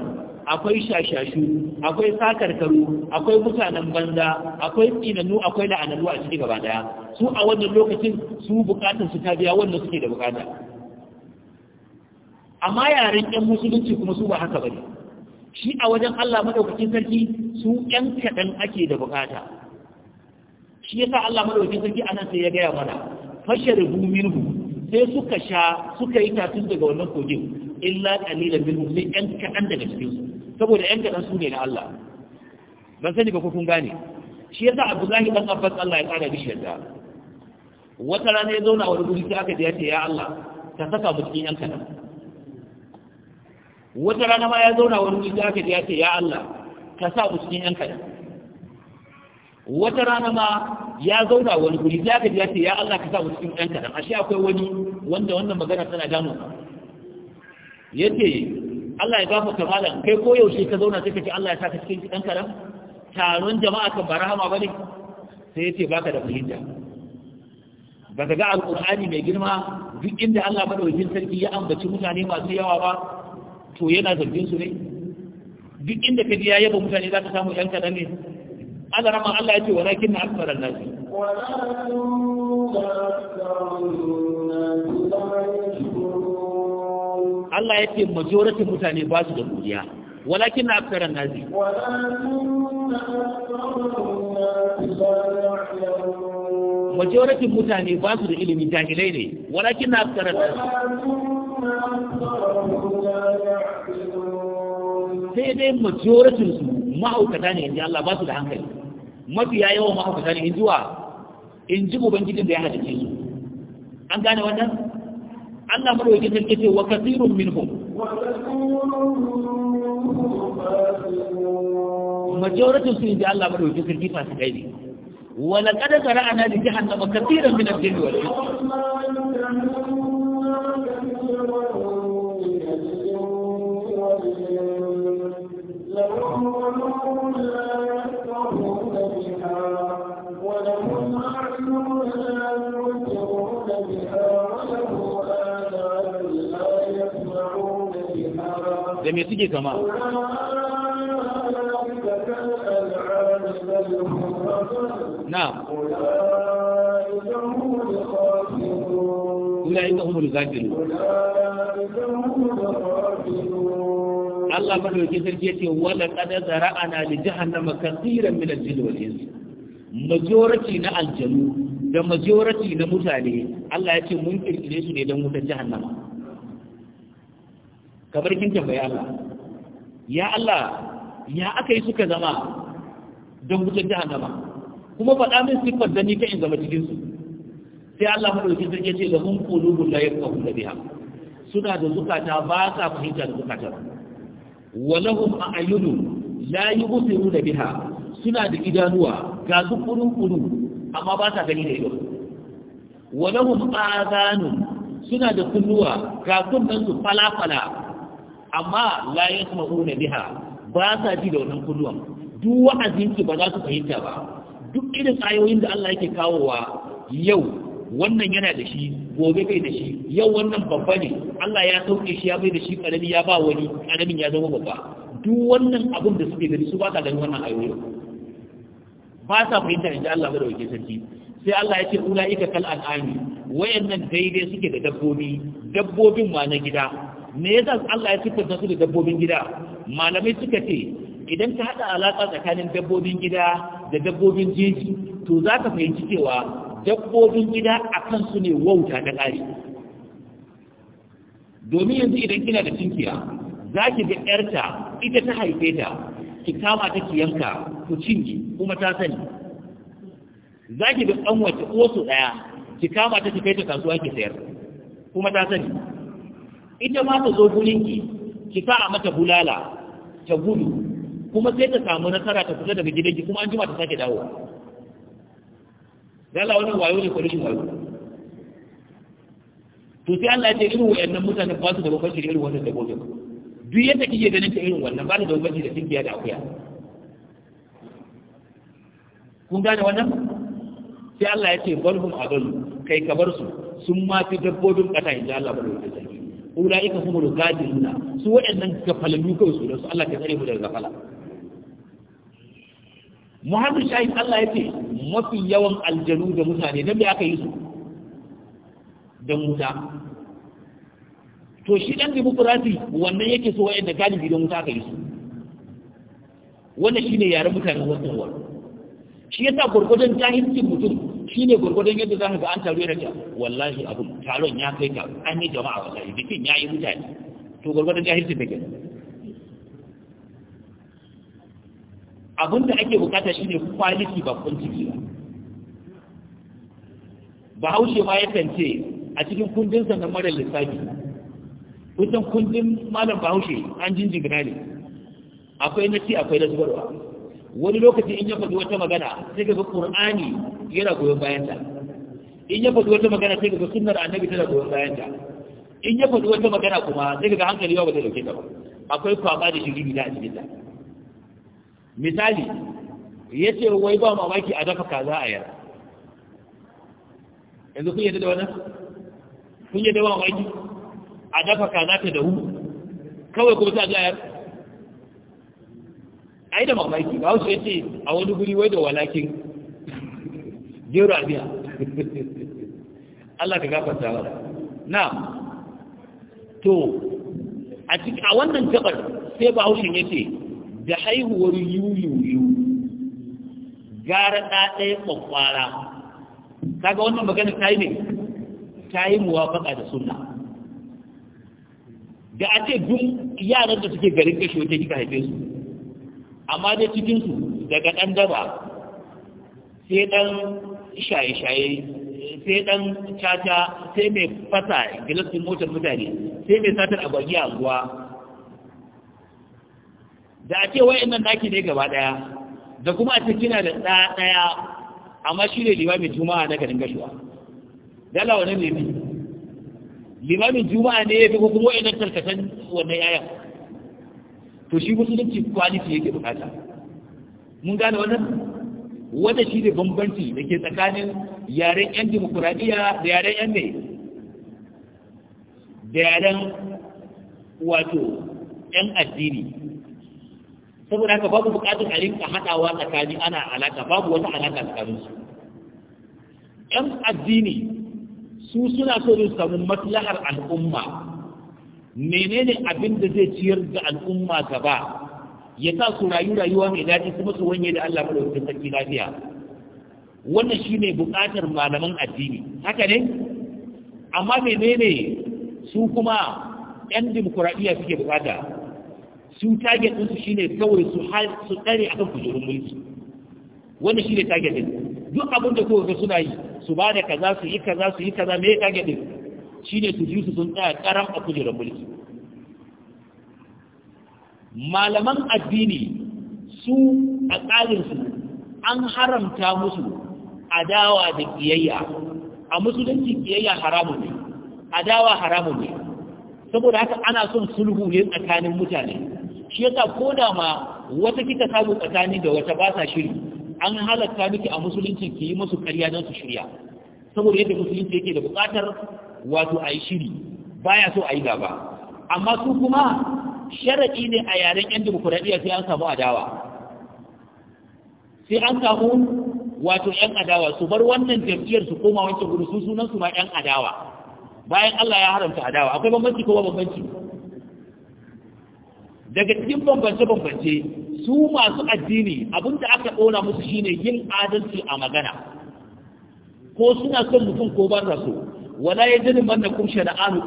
akwai shashashu akwai sakarkaru akwai mutanen banza akwai tsinannu akwai la'anannu a cikin gaba daya su a wannan lokacin su bukatun su ta biya wannan suke da bukata amma yaren yan musulunci kuma su ba haka bane shi a wajen Allah madaukakin sarki su yan kadan ake da bukata shi yasa Allah madaukakin sarki anan sai ya gaya mana fasharibu minhu sai suka sha suka yi tatun daga wannan kogin illa kalilan min sai yan kaɗan daga cikin su saboda yan kaɗan su ne na Allah ban sani ba ko kun gane shi yasa Abdullahi dan Abbas Allah ya kara mishi yarda wata rana ya zauna a wani guri sai aka ji ya ce ya Allah ka saka mu cikin yan kaɗan wata rana ma ya zauna wani guri sai aka ji ya ce ya Allah ka sa mu cikin yan kaɗan wata rana ma ya zauna wani guri za ka ji ya ce ya Allah ka sa mu cikin ɗanka kadan ashe akwai wani wanda wannan magana tana damu ce Allah ya gafa kamalan. kai ko yaushe ka zauna sai ka ce Allah ya sa ka cikin ɗan kadan taron jama'a kan barahama ne? sai yace baka da fahimta baka ga Al'ƙur'ani mai girma duk inda Allah madaukakin sarki ya ambaci mutane masu yawa ba to yana zargin su ne duk inda ka ji ya yaba mutane za ka samu ɗan kadan ne Allah rama Allah ya ce walakin na akbar an-nas Allah ya ce majority mutane ba su da godiya walakin na akbar an-nas majority mutane ba su da ilimi jahilai ne walakin na akbar an-nas sai dai majority su ma'aukata ne inda Allah ba su da hankali mafiya yawan mahaukata ne in ji wa in ji ubangijin da ya halice su an gane wannan Allah madaukakin sarki ce wa kasirun minhum majority su inda Allah madaukakin sarki fa kai ne wa laqad zara'ana li jahannama kaseeran min al-jinni wal insi لهم ولهم da su suke kama na kula ita umaru zafiru Allah ba da wake sarki ya ce wadda ƙadar zara'ana da jihar kan tsiran milar jilwalinsu majority na aljanu da majority na mutane Allah ya ce mun kirkire su ne don wutar jahannama kamar kin tambaye Allah ya Allah ya aka yi suka zama don wutar jahannama kuma faɗa min siffar da ni ka in zama cikin su sai Allah madaukakin sarki ya ce da mun kulubu la yafqahu biha suna da zukata ba sa fahimta da wa lahum a'yunu la yubsiruna biha suna da idanuwa ga su kurun amma ba sa gani da ido wa lahum suna da kunnuwa ga kunnan su falafala amma la yasma'una biha ba sa ji da wannan kunnuwan duk wa'azin ki ba za su fahimta ba duk irin ayoyin da Allah yake kawowa yau wannan yana da shi gobe bai da shi yau wannan babba ne Allah ya sauke shi ya bai da shi karami ya ba wani karamin ya zama babba duk wannan abin da suke gani su ba ta ganin wannan ayoyin ba sa fahimtar in ji Allah dauke sarki sai Allah ya ce ula'ika kal an'ami wayannan daidai suke da dabbobi dabbobin ma na gida me yasa Allah ya siffanta su da dabbobin gida malamai suka ce idan ka hada alaka tsakanin dabbobin gida da dabbobin jeji to za ka fahimci cewa dabbobin gida a kansu ne wauta da kare domin yanzu idan kina da cinkiya za ki ga 'yarta ita ta haife ta ki kama ta ki yanka ku cinye kuma ta sani za ki ga kanwace uwarsu ɗaya ki kama ta ki kai ta kasuwa ki sayar kuma ta sani ita ma ta zo gurinki ki sa a mata bulala ta gudu kuma sai ta samu nasara ta fita daga gidanki kuma an jima ta sake dawo. yalla wani wayo ne ko rashin wayo to sai Allah ya ce irin wayannan mutanen ba su da bakwai irin wannan da gobe duk yadda kike ganin ta irin wannan ba da bambanci da tinkiya da akuya kun gane wannan sai Allah ya ce barhum adallu kai ka bar su sun ma fi dabbobin kasa inda Allah bada da sarki ulaika humul ghadiluna su waɗannan gafalallu kai su da su Allah ta tsare mu daga gafala Muhammad Shahid Allah ya ce mafi yawan aljanu da mutane dan bai aka yi su dan wuta to shi ɗan dimokurafi wannan yake so da galibi don wuta aka yi su wannan shi ne yaren mutane wasu ruwa shi yasa gwargwadon jahilci mutum shi ne gwargwadon yadda za ka ga an taro yana ta wallahi abu taron ya kai ta, an yi jama'a wallahi bikin ya yi mutane to gwargwadon jahilcin take abin da ake bukata shi ne kwaliti ba kwanciki ba bahaushe ma yakan ce a cikin kundin sannan mara lissafi kusan kundin malam bahaushe an jinjina ne akwai na ci akwai na zubarwa wani lokaci in ya faɗi wata magana sai ga qur'ani yana goyon bayan ta in ya faɗi wata magana sai ga sunnar annabi tana goyon bayan ta in ya faɗi wata magana kuma sai ga hankali ba ta dauke ta ba akwai kwaba da shiri bila a cikin ta misali ce wai ba mamaki a dafa kaza a yara yanzu kun yadda da wannan kun yadda ba mamaki a dafa kaza ta dahu kawai kuma ta A ai da mamaki ba wasu yace a wani guri wai da walakin gero a biya Allah ka gafarta wa na to a cikin a wannan gabar sai ba haushin yace da haihuwar yuyuyu gara da ɗaya Ta kaga wannan magana ta yi ne ta yi muwafaka da sunna da a ce duk yaran da suke garin kashe wata kika haife su amma dai cikinsu daga ɗan daba sai ɗan shaye-shaye sai ɗan caca sai mai fasa gilasin motar mutane sai mai satar a bagi anguwa da a ce wai nan naki ne gaba ɗaya da kuma a cikin da ɗaya ɗaya amma shi ne liba mai juma'a na garin gashuwa dala wani ne limamin juma'a ne ya fi ko kuma wa'annan tarkatan wannan yayan to shi musulunci kwaliti yake bukata mun gane wannan wanda shi ne bambanci da ke tsakanin yaren yan dimokuraɗiyya da yaren yan ne da yaren wato yan addini saboda haka babu bukatun a rinka haɗawa tsakani ana alaka babu wata alaka tsakaninsu yan addini su suna so su samu maslahar al'umma menene abin da zai ciyar da al'umma gaba ya sa su rayu rayuwa mai daɗi kuma su wanye da Allah madaukakin sarki lafiya wannan shine buƙatar malaman addini haka ne amma menene su kuma 'yan dimokuraɗiyya suke buƙata su target ɗinsu shine kawai su tsare akan kujerun mulki wannan shine target ɗin duk abin da kowa suna yi su ba da kaza su yi kaza su yi kaza me kage din ne su ji su sun tsaya karam a kujerar mulki malaman addini su a tsarinsu an haramta musu adawa da kiyayya a musulunci kiyayya haramun ne adawa haramu ne saboda haka ana son sulhu ne tsakanin mutane shi yasa ko da ma wata kika samu tsakani da wata ba sa shiri an halatta miki a musulunci ki yi musu karya don su shirya saboda yadda musulunci yake da buƙatar wato a yi shiri baya so a yi gaba amma su kuma sharaɗi ne a yaren yan dimokuraɗiyya sai an samu adawa sai an samu wato yan adawa su bar wannan jam'iyyar su koma wancan gudu su sunan su ma yan adawa bayan Allah ya haramta adawa akwai bambanci ko ba bambanci daga cikin bambance-bambance su masu addini abinda aka ɗona musu shine yin adalci a magana ko suna son mutum ko ba su, wala ya jini manna kun shana'anu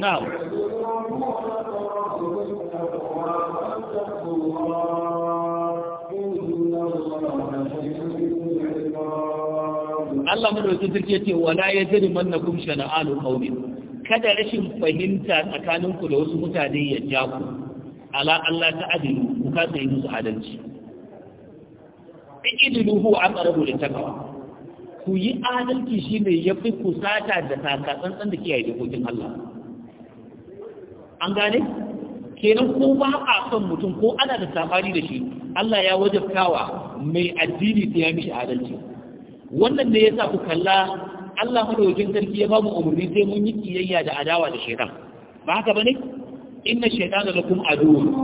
ƙaunin Allah madaukakin sarki yace wala yajrimannakum alu qaumin kada rashin fahimta tsakaninku da wasu mutane ya ja ku ala Allah ta adilu ku ka yi musu adalci ijilu huwa aqrabu littaqwa ku yi adalci shine yafi kusata da takatsantsan da kiyaye dokokin Allah an gane kenan ko ba a son mutum ko ana da safari da shi Allah ya wajabtawa mai addini ta ya mishi adalci wannan ne yasa ku kalla Allah madaukakin sarki ya bamu umarni sai mun yi kiyayya da adawa da shaytan ba haka bane inna shaytana lakum aduwwun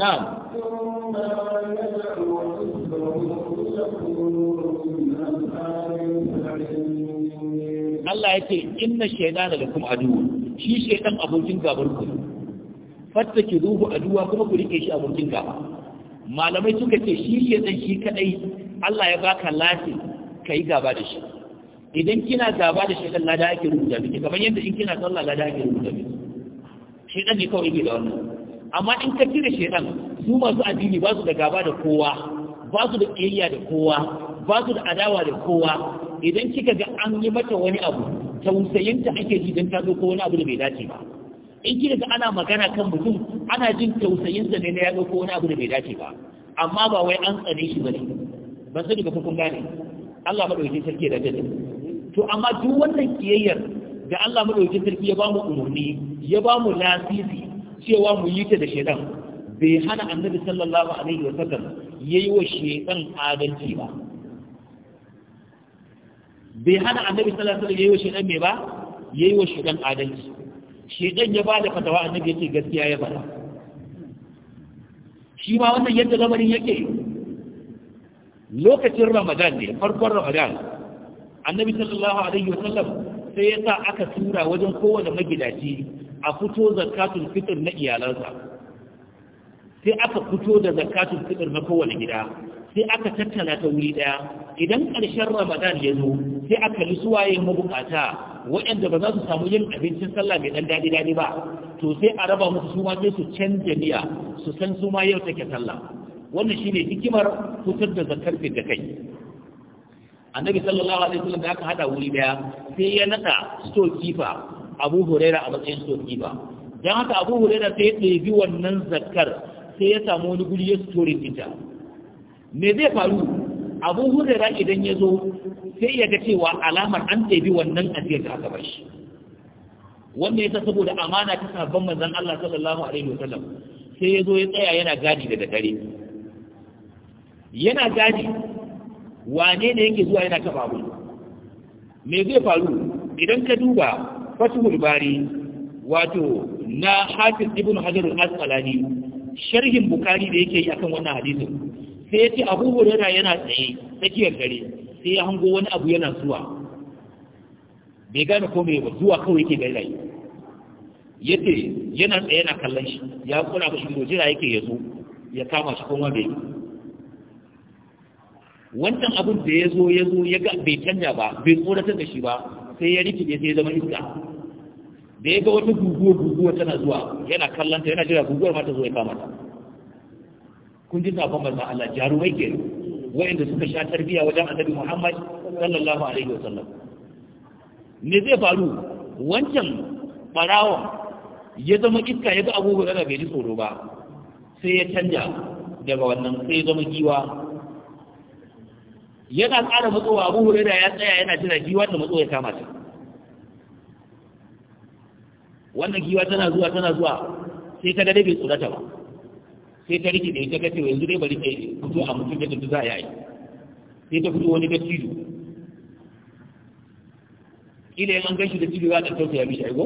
na'am Allah yake inna shaytana lakum aduwwun shi shaytan abokin gabar ku fatta zuhu a duwa kuma ku rike shi a abokin gaba malamai suka ce shi ya dan shi kadai Allah ya baka ka kai gaba da shi idan kina gaba da shi kan lada ake rubuta miki kamar yadda in kina sallah lada ake rubuta miki shi dan ne kawai ke da wannan amma in ka kire shi dan su masu addini ba su da gaba da kowa ba su da kiyayya da kowa ba su da adawa da kowa idan kika ga an yi mata wani abu tausayinta ake ji don ta zo ko wani abu da bai dace ba in kika ga ana magana kan mutum ana jin tausayinsa ne na yaga ko wani abu da bai dace ba amma ba wai an tsane shi ba ne ban sani ba kun gane Allah madaukakin sarki da jaddu to amma duk wannan kiyayyar da Allah madaukakin sarki ya ba mu umurni ya ba mu lasisi cewa mu yi ta da shedan bai hana annabi sallallahu alaihi wa sallam yayi wa shedan adalci ba bai hana annabi sallallahu alaihi wa sallam yayi wa shedan me ba yayi wa shedan adalci shedan ya bada fatawa annabi yake gaskiya ya faɗa shi ma wannan yadda lamarin yake lokacin ramadan ne farkon ramadan annabi sallallahu alaihi wasallam sai ya sa aka tura wajen kowane magidaci a fito zakatul fitr na iyalansa sai aka fito da zakatul fitr na kowane gida sai aka tattala ta wuri daya idan ƙarshen ramadan ya zo sai aka yin mabukata waɗanda ba za su samu yin abincin sallah mai ɗan daɗi daɗi ba to sai a raba musu suma sai su canja niyya su san suma yau take sallah wannan shine hikimar fitar da zakar da kai annabi sallallahu alaihi wasallam da aka hada wuri daya sai ya nada store Kifa abu huraira a matsayin store Kifa. dan haka abu huraira sai ya ɗebi wannan zakar sai ya samu wani guri ya store ita me zai faru abu hurera idan ya zo sai ya ga cewa alamar an taibi wannan ajiyar da aka bar shi wannan yasa saboda amana ta sabon manzon Allah sallallahu alaihi wasallam sai ya zo ya tsaya yana gadi daga dare yana gadi wane ne yake zuwa yana kafa abu me zai faru idan ka duba fatihul bari wato na hafiz ibn hajar al-asqalani sharhin bukari da yake yi akan wannan hadisin sai ya ce abu hurera yana tsaye tsakiyar dare sai ya hango wani abu yana zuwa bai gane ko mai ba zuwa kawai yake gari rayu ya ce yana tsaye yana kallon shi ya kura ba shi gojira yake ya zo ya kama shi kuma bai wannan abin da ya zo ya zo ya ga bai canja ba bai tsoratar da shi ba sai ya rikide sai ya zama iska da ya ga wata guguwa guguwa tana zuwa yana kallon ta yana jira guguwar ma ta zo ya kama ta kun ji sabon manzon Allah jarumai ke wa'inda suka sha tarbiya wajen annabi Muhammad sallallahu alaihi wasallam me zai faru wancan barawon ya zama iska ya ga abubuwa daga bai ji tsoro ba sai ya canja daga wannan sai ya zama giwa yana ƙara matsowa abu da ya tsaya yana jira giwa da matsowa ya kama ta wannan giwa tana zuwa tana zuwa sai ka ga dai bai tsorata ba sai ta rike da ita ta ce yanzu dai bari ke fito a mutum da za a yi sai ta fito wani dattijo ila yan an gashi da tijo za ta ya mishi aigo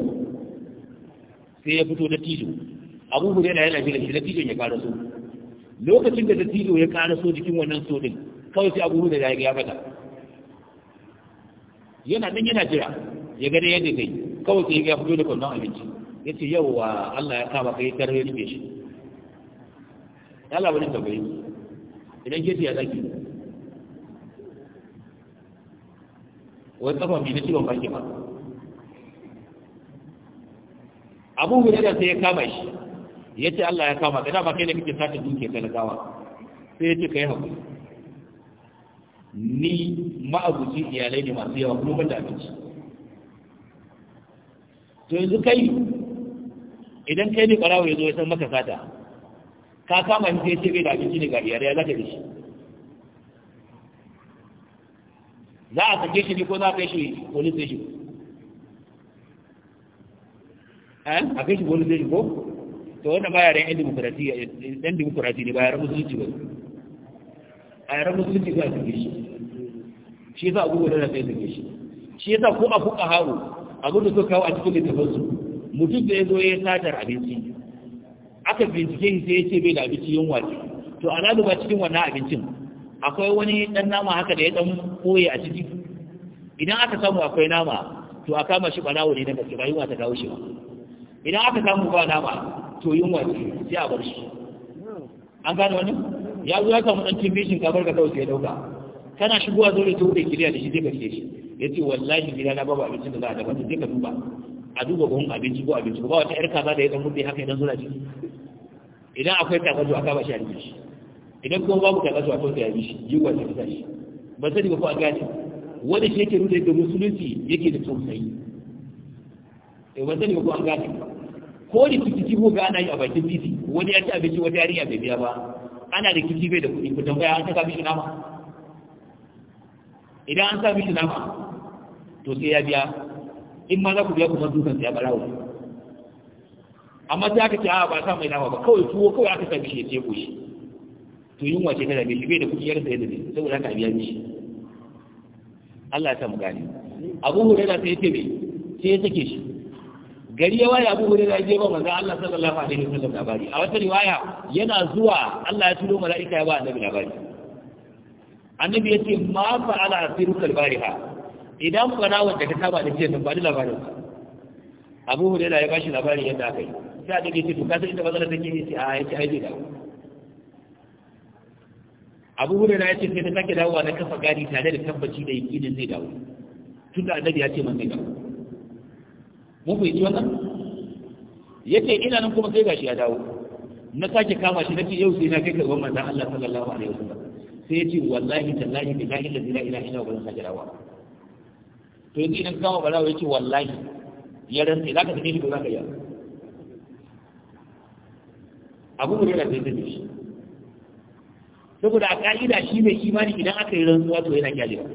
sai ya fito da tijo abu yana yana bila shi da tijon ya kara so lokacin da da tijo ya kara so jikin wannan so din kawai sai abu hure da ya mata yana nan yana jira ya gada yadda kai kawai sai ya fito da kwanon abinci ya ce yau wa Allah ya kama kai tarbe shi Allah wani tambaye ki idan ke ya zaki wai kafa bi na ciwon farki ba abu hurairar sai ya kama shi ya ce Allah ya kama ka dama kai ne kake sata duke talakawa sai ya ce ka yi haƙuri ni ma'abuci iyalai ne masu yawa kuma ban da abinci to yanzu kai idan kai ne ɓarawo ya zo ya san maka sata ka kama in sai ce da abinci ne ga iyare ya zaka da shi za a sake shi ne ko za a kai shi police station eh a kai shi wani station ko to wannan baya ran yan demokratiya yan demokratiya ne baya ran musulunci ba a yaran musulunci ba a sake shi shi yasa abubuwa da sai sake shi shi yasa ko a fuka haro a gudu suka kawo a cikin littafansu mutum da ya zo ya satar abinci aka bincike shi sai ya ce bai da abinci yunwa ce to a laluba cikin wannan abincin akwai wani ɗan nama haka da ya ɗan koye a ciki idan aka samu akwai nama to a kama shi bana ne daga gaske ba yunwa ta kawo shi ba idan aka samu ba nama to yunwa ce sai a bar shi an gane wani ya zo ya samu ɗan cin bishin kamar ka kawai sai ya ɗauka kana shigowa zo da ta da kiriya da shi zai gaske shi ya ce wallahi gida na babu abincin da za a dafa sai ka duba a duba buhun abinci ko abinci ba wata yar kaza da ya dan mutu haka idan suna ciki idan akwai takazu a kama shi a idan kuma babu takazu a kawai ya bi shi yi wata fita shi ba eh, sani ba ko an gane wani shi yake nuna da musulunci yake da tausayi ba sani ba ko ga gane ko da kici ko ga na yi a bakin titi wani ya ci abinci wata yarinya bai biya ba ana da kici bai da kuɗi ku tambaya an saka mishi nama idan an sa mishi nama to sai ya biya in ma za ku biya kuma dukan ya balawo amma sai aka ce a ba sa mai nama ba kawai tuwo kawai aka sa mishi ya shi to yunwa ce ta dame bai da kuɗi yarda yadda dame saboda aka biya mishi Allah ya samu gani gane Abu Hurairah sai ya ce bai sai ya sake shi gari ya waya abu hurairu je ba manzo Allah sallallahu alaihi wasallam labari a wata riwaya yana zuwa Allah ya turo mala'ika ya ba annabi labari annabi ce ma fa'ala asirukal bariha idan barawar wanda ta saba da jiya ba da labarin abu yana ya bashi labarin yadda aka yi sai a dage ce to ka san inda matsalar take yi sai a yace aiki da abu yana ya ce sai ta sake dawowa na kafa gari tare da tabbaci da ne zai dawo tunda annabi ya ce man zai dawo mun fahimci wannan ce ina nan kuma sai gashi ya dawo na sake kama shi na nace yau sai na kai karɓar manzon Allah sallallahu alaihi wasallam sai ya ce wallahi tallahi billahi la ilaha illa Allah wa la ilaha illa huwa to yanzu idan kama barawa ya ce wallahi ya rantse za ka tafi shi ko za ka yi abu ne da zai tafi shi saboda a ƙa'ida shi mai imani idan aka yi rantsuwa to yana kyalewa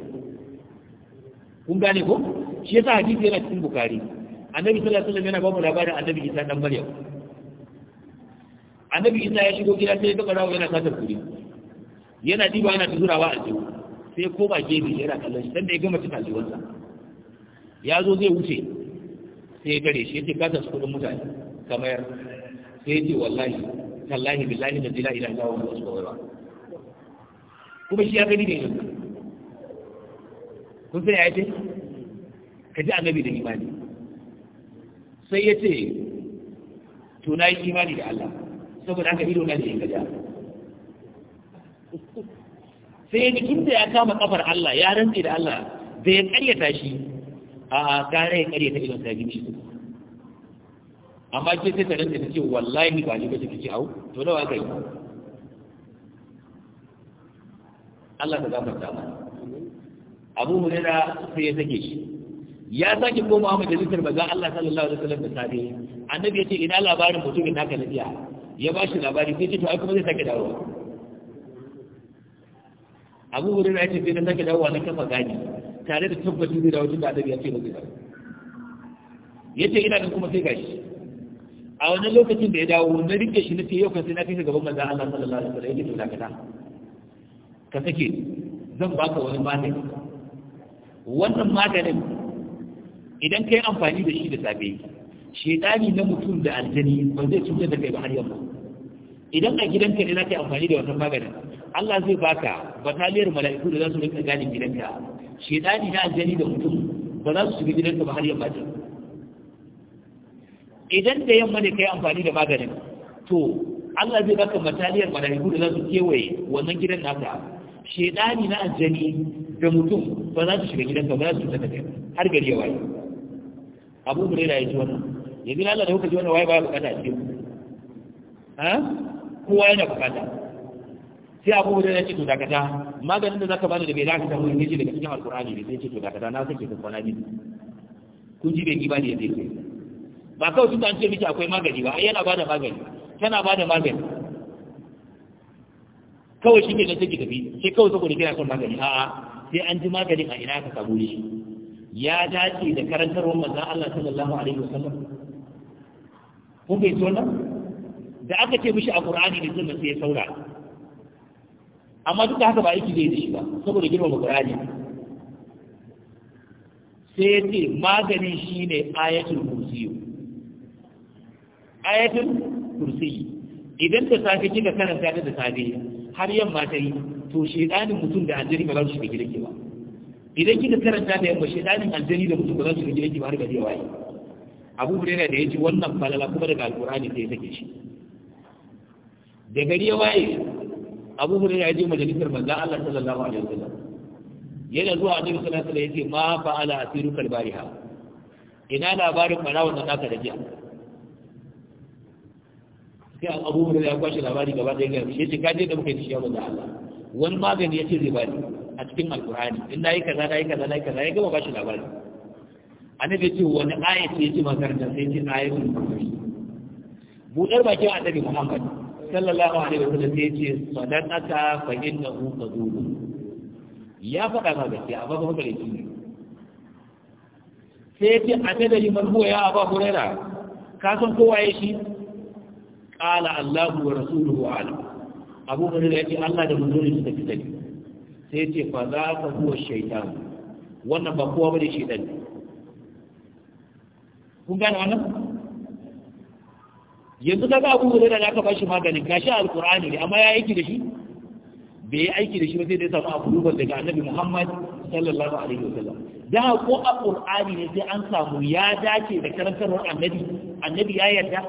kun gane ko shi yasa hadisi yana cikin bukari annabi sallallahu alaihi wasallam yana ba mu labarin annabi isa dan maryam annabi isa ya shigo gida sai ya ga rawo yana satar kuri yana diba yana tuzurawa a jiwo sai ko ba gefe yana kallon shi dan da ya gama cikin aljiwansa ya zo zai wuce sai ya gare shi ya ce ka tafi kudin mutane kamar sai ya ce wallahi tallahi billahi da zila idan ila wani wasu kawai ba kuma shi ya gani ne yanzu kun sai ya ce ka ji annabi da imani sai ya ce to na yi imani da Allah saboda aka ido na ne ya gaja sai ya ji kinta ya kama kafar Allah ya rantse da Allah da ya karyata shi a gare ya kare ta ina ta gini su amma ke sai ta da ta ce wallahi ba ni ba ta ce au to nawa kai Allah ta ta mana Abu Hurairah sai ya sake shi ya sake da zikir ba ga Allah sallallahu alaihi wasallam da safe annabi ya ce ina labarin mutumin naka na biya ya ba shi labari sai ce to ai kuma zai sake dawowa abu hurairu ya ce sai na sake dawowa na kafa gani tare da tabbatin zai dawo tun da adabi ya ce ba zai Ya ce ina nan kuma sai gashi a wani lokacin da ya dawo na rike shi na ce yau kan sai na kai gaban manzon Allah sallallahu alaihi wasallam yake to dakata ka sake zan baka wani magani wannan maganin idan kai amfani da shi da safe shedani na mutum da aljani ba zai cutar da kai ba har yamma idan a gidanka ne na ka yi amfani da wannan maganin Allah zai baka bataliyar mala'iku da za su rinka gadin gidanka shedani na aljani da mutum ba za su shiga gidanka ba har yamma ce idan da yamma ne kai amfani da maganin to Allah zai baka mataliyar malaiku da za su kewaye wannan gidan naka shedani na aljani da mutum ba za su shiga gidanka ba za su tafi har gari ya waye abu hurairah ya ji wannan yanzu Allah da kuka ji wannan waye ba ya bukata a cikin ha kowa yana bukata sai abu da ya ce to dakata maganin da zaka bani da bai zaka samu ne daga cikin alkur'ani ne sai ce to dakata na sake ku kwana biyu kun ji bai giba ne yadda ce ba kawai tun an ce miki akwai magani ba ai yana bada magani tana bada magani kawai shi ne da take tafi sai kawai saboda kina son magani a'a sai an ji maganin a ina ka samu shi ya dace da karantarwar manzon Allah sallallahu alaihi wasallam kun bai tsona da aka ce mishi a Qur'ani ne sunna sai ya saurara amma duk da haka ba aiki zai da ba saboda girmama Qur'ani sai ce magani shine ayatul kursiyu ayatul kursiyu idan da safe kika karanta ta da safe har yamma ta yi to shedanin mutum da aljiri ba za su shiga gidanki ba idan kika karanta da yamma shedanin aljiri da mutum ba za su shiga gidanki ba har gari ya waye abu hurera da ya wannan falala kuma daga alkurani sai ya sake shi da gari ya waye abu hurairah ya je majalisar manzan Allah sallallahu alaihi wasallam yana zuwa annabi sallallahu alaihi wasallam yace ma asiru asirukal bariha ina labarin barawon da naka da jiya sai abu hurairah ya kwashi labari gaba da yake ce ka je da muke shi ya manzon Allah wani magani yace zai bani a cikin alqur'ani in nayi kaza nayi kaza nayi kaza ya gama bashi labari annabi ce wani ayati ce yace makaranta sai ce ayatul kursi budar bakin annabi Muhammad sallallahu alaihi sallam ya ce sadaqaka fa hu qadur ya faɗa ma gaske a ba kare shi sai ce a ta dari man huwa ya aba hurera ka san kowa ya shi qala allahu wa rasuluhu alam abu hurera ya ce allah da manzon su tafi tafi sai ce fa za ka huwa shaitan wannan ba kowa bane shaitan kun gane wannan yanzu kaga abu da da aka bashi maganin gashi alqur'ani ne amma ya aiki da shi bai yi aiki da shi ba sai da ya samu approval daga annabi Muhammad sallallahu alaihi wasallam da ko a qur'ani ne sai an samu ya dace da karantarwar annabi annabi ya yarda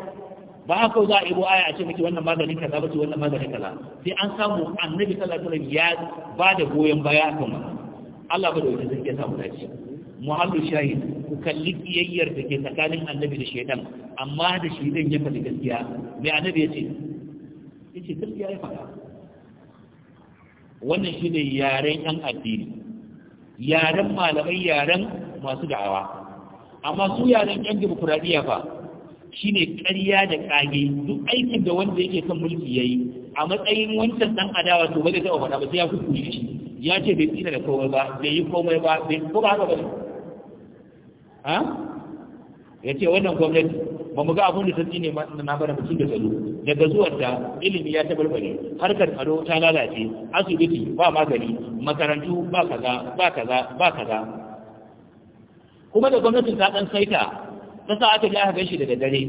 ba haka za a ibo aya a ce miki wannan maganin kaza ba ce wannan maganin kaza sai an samu annabi sallallahu alaihi wasallam ya ba da goyon baya kan Allah ba da wata zai ya samu dace muhallu shahid ku kalli kiyayyar da ke tsakanin annabi da shaitan amma da shaitan ya faɗi gaskiya mai annabi ya ce yace gaskiya ya faɗa wannan shi ne yaren yan addini yaren malamai yaren masu da'awa amma su yaren yan dimokuraɗiyya fa shi ne ƙarya da ƙage duk aikin da wanda yake son mulki ya yi a matsayin wancan ɗan adawa to ba zai taɓa faɗa ba sai ya kuskure shi ya ce bai tsira da komai ba bai yi komai ba bai ko ba haka ba ha ya ce wannan gwamnati ba mu ga abin da ta ne na bada mutum da tsaro daga zuwarta ilimi ya tabarbare harkar tsaro ta lalace asibiti ba magani makarantu ba kaza ba kaza ba kaza kuma da gwamnatin ta dan saita ta sa aka ga gashi daga dare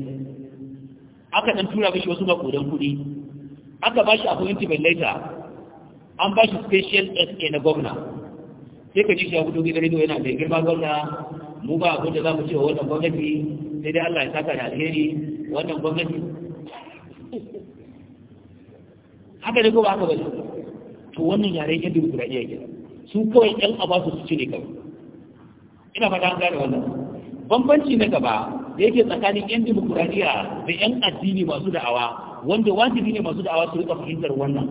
aka dan tura mishi wasu makudan kuɗi aka ba shi appointment later an ba shi special SA na gwamna sai ka ji shi a hudu gidan rediyo yana da girma gwamna mu ba abin da za mu ce wa wannan gwamnati sai dai Allah ya saka da alheri wannan gwamnati haka ne ko ba haka bane to wannan yare ya dubu da iya gida su kawai ɗan abasu su cire kawai ina fata an gane wannan bambanci na gaba da yake tsakanin yan dimokuraɗiyya da yan addini masu da'awa wanda wajibi ne masu da'awa su rika fahimtar wannan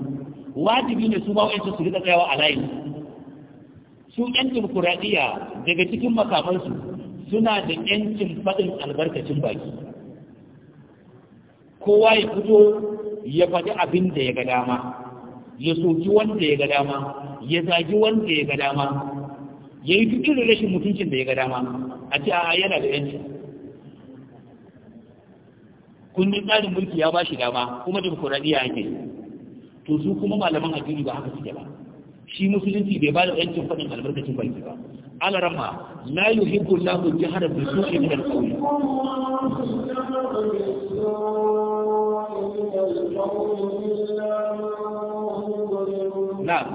wajibi ne su ma wa'ansu su rika tsayawa a layin su yan dimokuraɗiyya daga cikin makamansu suna da yancin faɗin albarkacin baki kowa ya fito ya faɗi abin da ya ga dama ya soki wanda ya ga dama ya zagi wanda ya ga dama ya yi duk irin rashin mutuncin da ya ga dama a ce a yana da yanci kundin tsarin mulki ya ba shi dama kuma dimokuraɗiyya ake to su kuma malaman addini ba haka suke ba shi musulunci bai ba da yancin faɗin albarkacin baki ba ala rama la yuhibbu Allahu jahara bi su'i min al-qawl na'am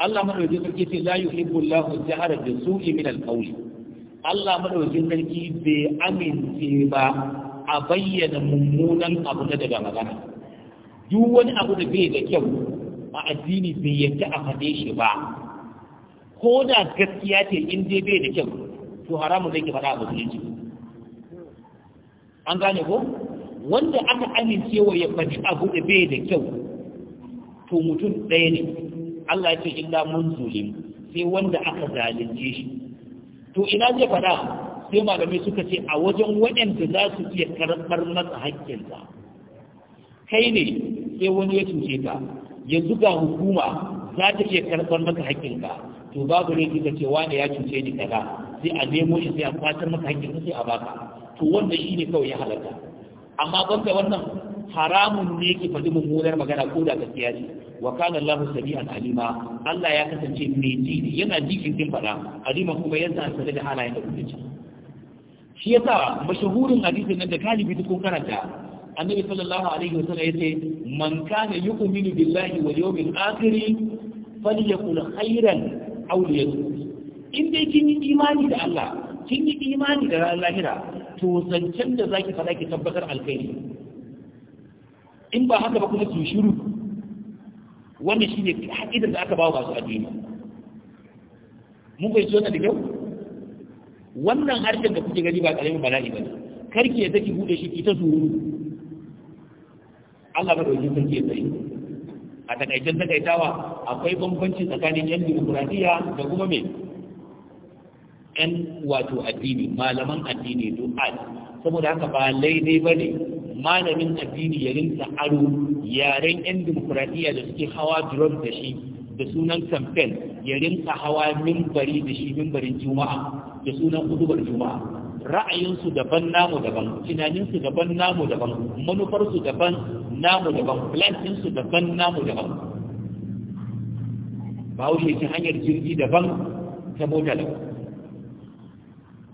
Allah madaukakin sarki ce la yuhibbu Allahu jahara bi su'i min al-qawl Allah madaukakin sarki bai amince ba a bayyana mummunan abu na daga magana duk wani abu da bai da kyau a addini bai yadda a faɗe shi ba ko da gaskiya ce in dai bai da kyau to haramun zai ki faɗa a musulunci an gane ko wanda aka amincewa ya faɗi abu da bai da kyau to mutum ɗaya ne Allah ya ce illa mun zulim sai wanda aka zalunce shi to ina zai faɗa sai malamai suka ce a wajen waɗanda za su iya karɓar masa haƙƙinsa kai ne sai wani ya cuce ka yanzu ga hukuma za ta iya karɓar maka haƙƙinka to babu ne ka ce wani ya cuce ni kaza sai a nemo shi sai a kwatar maka haƙƙinka sai a baka to wanda shi ne kawai ya halarta amma banda wannan haramun ne ke faɗi mummunar magana ko da gaskiya ce wa kana Allahu sami'an alima Allah ya kasance mai ji yana jikin kin faɗa alima kuma yanzu an sanar da halayen da kuke ci shi yasa mashahurin hadisin nan da kalibi duk kun karanta annabi sallallahu alaihi wasallam yace man kana yu'minu billahi wal yawmil akhir falyakul khairan aw liyakun in dai kin yi imani da Allah kin yi imani da ranar lahira to zancen da zaki fada ki tabbatar alkhairi in ba haka ba kuma ki shiru wannan shine haƙiƙa da aka ba masu addini mun bai so da kyau wannan harshen da kuke gani ba karamin bala'i bane karki ya zaki bude shi ki ta zuru Allah madaukin sarki ya sai a takaicen takaitawa akwai bambanci tsakanin yan dimokuraɗiyya da kuma me yan wato addini malaman addini du'ad saboda haka ba laidai ba ne malamin addini ya rinka aro yaren yan dimokuraɗiyya da suke hawa drug da shi da sunan campaign ya rinka hawa mimbari da shi mimbarin juma'a da sunan hudubar juma'a ra'ayinsu daban namu daban tunaninsu daban namu daban manufarsu daban namu daban plan daban namu daban ba wuce ta hanyar jirgi daban ta mota daban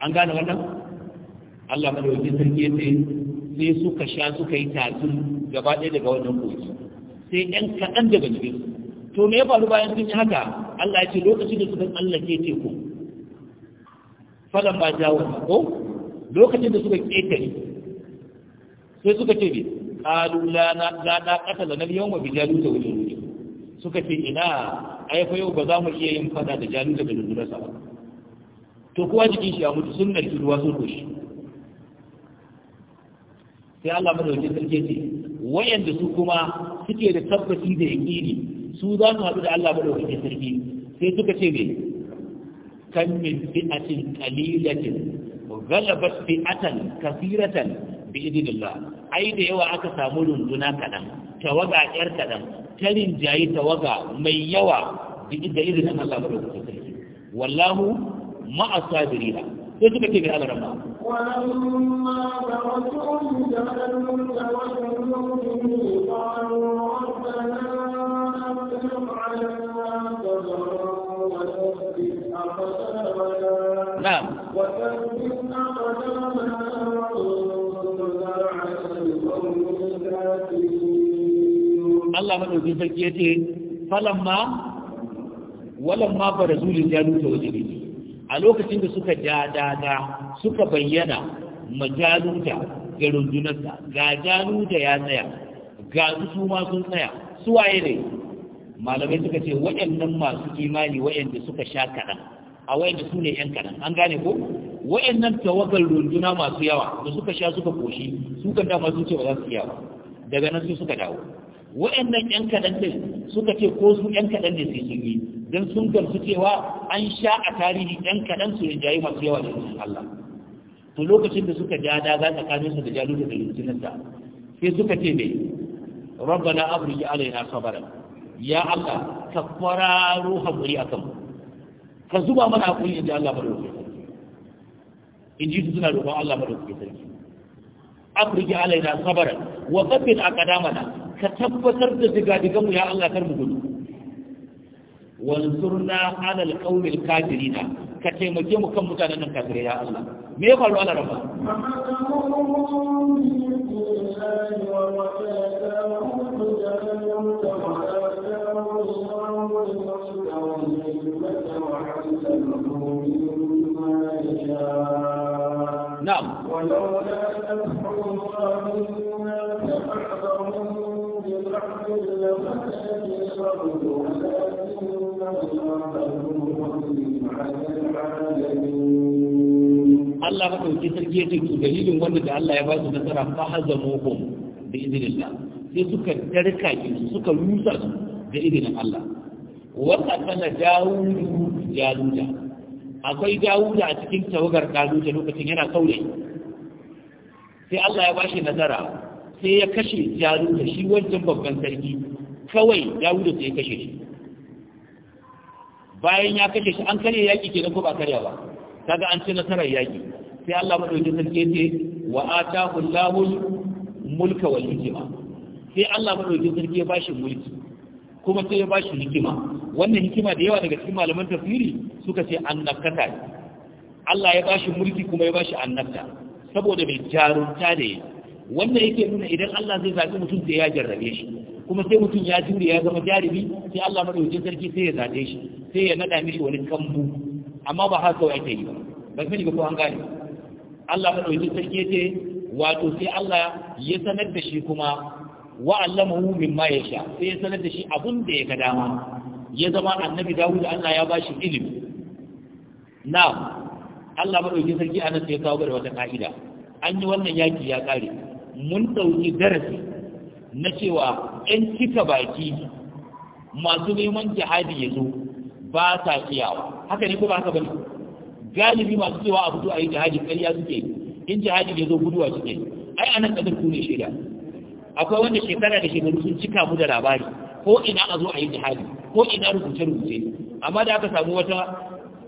an gane wannan Allah wajen sarki ya ce sai suka sha suka yi tatun gaba ɗaya daga wannan kogi sai ɗan kaɗan daga jirgin. to me ya faru bayan sun yi haka Allah ya ce lokacin da suka ke teku falan ba jawo ko lokacin da suka ƙetare sai suka ce kalu la na la na qatala nal yawma bi jalut wa lut suka ce ina ai fa yau ba za mu iya yin fada da jalut da lut ba to kuwa jikin shi ya mutu sun narki ruwa sun koshi sai Allah wajen sarki ce wayanda su kuma suke da tabbaci da yaqini su za su haɗu da Allah wajen sarki sai suka ce me kan min fi'atin qalilatin ghalabat fi'atan kathiratan bi idinillah ai da yawa aka samu runduna kaɗan tawaga yar kaɗan ta jayi tawaga mai yawa da izinin Allah ba da kusa wallahu ma asabirina sai suka ce ga Allah ramma ولما Allah madaukin sarki ya ce falamma walamma ya jaluta waje ne a lokacin da suka ja dada suka bayyana majaluta ga rundunarsa ga jaluta ya tsaya ga su ma sun tsaya su waye ne malamai suka ce waɗannan masu imani waɗanda suka sha kaɗan a waɗanda su ne ‘yan kaɗan an gane ko waɗannan tawagar runduna masu yawa da suka sha suka koshi su kan dama sun ce ba za su yawa daga nan su suka dawo wa'annan yan kaɗan ɗin suka ce ko su yan kaɗan ne sai sun yi don sun gamsu cewa an sha a tarihi yan kaɗan su rinjaye masu yawa da cikin Allah to lokacin da suka ja za daga su da jalu da rinjinarsa sai suka ce ne rabbana afriji alaina sabara ya Allah ka fara kwararo hakuri akan mu ka zuba mana hakuri inda Allah madaukakin sarki in ji su suna roƙon Allah madaukakin sarki afriji alaina sabara wa qabbit aqdamana ka tabbatar da digadiganmu ya Allah kar mu gudu wansurna ala alqawmil kafirina ka taimake mu kan mutanen nan kafirai ya Allah me ya faru ana rafa نعم ولولا أن الله Allah ka ɗauki sarki ya ce dalilin wanda da Allah ya ba su nasara fa hazamu da izinin idinillah sai suka darka ki suka rusa su da izinin Allah wa qatala dawud jaluta akwai dawuda a cikin tawagar jaluta lokacin yana saurayi sai Allah ya ba shi nasara sai ya kashe jaru da shi wancan babban sarki kawai dawuda sai ya kashe shi bayan ya kashe shi an karya yaƙi kenan ko ba karya ba kaga an ci nasarar yaƙi sai Allah madaukakin sarki ce wa ata Allahul mulka wal hikima sai Allah madaukakin sarki ya bashi mulki kuma sai ya bashi hikima wannan hikima da yawa daga cikin malaman tafsiri suka ce annakata Allah ya bashi mulki kuma ya bashi annabta saboda bai jarunta da yake wannan yake nuna idan Allah zai zaɓi mutum sai ya jarrabe shi kuma sai mutum ya jure ya zama jarumi sai Allah madaukakin sarki sai ya zaɓe shi sai ya nada mishi wani kambu amma ba haka kawai ake yi ba ba sani ba ko an gane Allah madaukakin sarki ce wato sai Allah ya sanar da shi kuma wa allamahu mimma yasha sai ya sanar da shi abun da ya ga dama ya zama annabi Dawud Allah ya ba shi ilimi na Allah madaukakin sarki anan sai ya kawo da wata ka'ida an yi wannan yaki ya kare mun ɗauki darasi na cewa ‘yan cika baki masu neman jihadi ya zo ba sa iyawa haka ne ko ba haka bane galibi masu cewa a fito a yi jihadi ƙarya suke in jihadi ya zo guduwa suke ai a nan ƙasar ku ne shaida akwai wanda shekara da shekaru sun cika mu da labari ko ina a zo a yi jihadi ko ina rubuce-rubuce amma da aka samu wata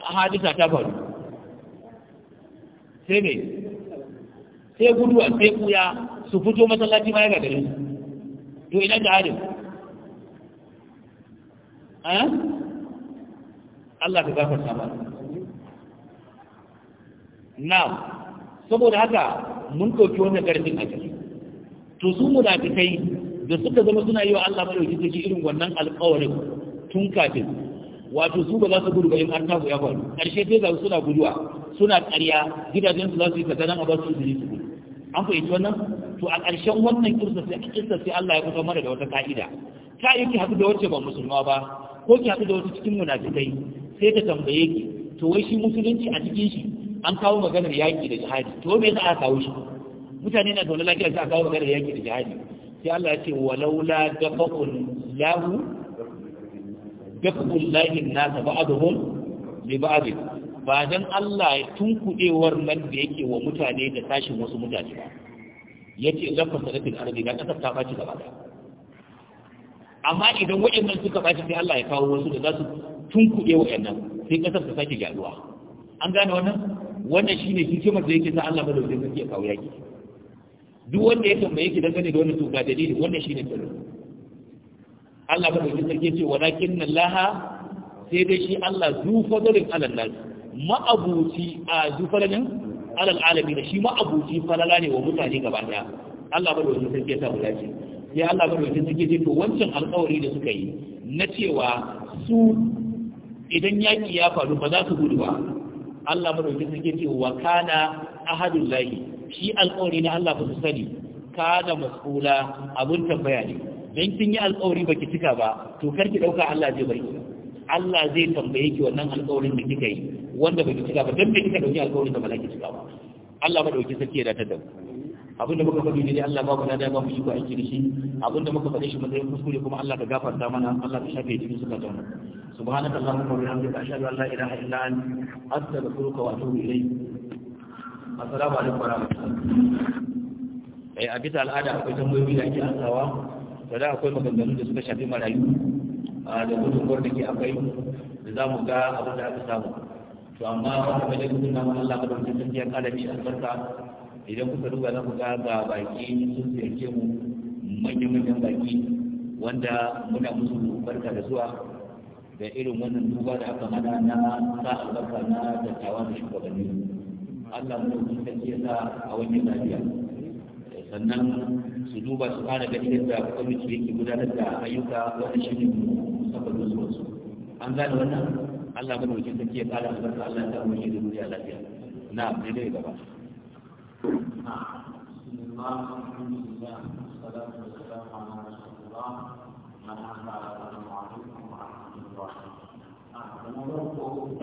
hadisa ta faru sai ne sai guduwa sai kuya su fito masallaci ma ya ga su to ina da adin Allah ka ta ba na saboda haka mun ɗauki wannan ƙarfin a ciki to su munafikai da suka zama suna yi wa Allah madauki take irin wannan alƙawarin tun kafin wato su ba za su gudu ba in an tafi ya faru ƙarshe sai ga suna guduwa suna ƙarya gidajen su za su yi kaza nan a ba su su gudu an fahimci wannan to a ƙarshen wannan kirsa sai Allah ya kusa mana da wata ka'ida ta yi ki haɗu da wacce ba musulma ba ko ki haɗu da wata cikin munafikai sai ta tambaye ki to wai shi musulunci a cikin shi an kawo maganar yaƙi da jihadi to me yasa aka kawo shi mutane na zaune lafiya sai aka kawo maganar yaƙi da jihadi sai Allah ya ce walaula dafa'un lahu dafa'un lahi nasa ba'aduhum li ba'adin ba don Allah ya tunkuɗewar nan da yake wa mutane da tashin wasu mutane ba ya ce lafa sarrafin arziki na ƙasar ta ɓaci gaba amma idan waɗannan suka ɓaci sai Allah ya kawo wasu da za su tunkuɗe waɗannan sai ƙasar ta sake gyaruwa an gane wannan wannan shine hikimar da yake sa Allah ba da wajen sarki kawo yaƙi. duk wanda ya tambaye ki dangane da wannan to ga dalili wannan shine ne Allah ba da wajen sarki ce walakin laha sai dai shi Allah zu fadlin alal nas ma'abuci a zufarin alal alami da shi ma'abuci falala ne wa mutane gaba daya Allah bada wajen sarki ya sa mu dace sai Allah bada wajen sarki ya ce to wancan alƙawari da suka yi na cewa su idan yaki ya faru ba za su gudu ba Allah bada wajen sarki ya ce wa kana ahadullahi shi alƙawari na Allah ba su sani kana mas'ula abun tambaya ne dan kin yi alƙawari baki cika ba to karki dauka Allah zai bari Allah zai tambaye ki wannan alƙawarin da kika yi wanda bai cika ba dan bai kika dauki alƙawarin da malaki cika ba Allah madauki sarki ya datar da mu da muka faɗi ne Allah ba mu da ba mu shi ko aiki da shi da muka faɗi shi matsayin kuskure kuma Allah ka gafarta mana Allah ka shafe cikin suka tauna subhanaka allahumma wa bihamdika ashhadu an la ilaha illa anta astaghfiruka wa atubu ilayk assalamu alaikum wa rahmatullahi eh a bisa al'ada akwai tambayoyi da ake ansawa da da akwai maganganu da suka shafi marayu da duk da ke akwai da za ga abin da aka samu to amma ba ka gaje kun nan Allah ba don san ya albarka idan kuka duba za ku ga ga baki sun ziyarce mu manyan manyan baki wanda muna musu barka da zuwa da irin wannan duba da aka mana na sa albarka na dattawa da shugabanni Allah mu kun san sa a wannan lafiya sannan su duba su fara da yadda kwamiti yake gudanar da ayyuka wanda shi ne musamman su an gane wannan Allah mun wuce take ya kara albarka Allah ya samu shi duniya lafiya na ne dai gaba Thank you.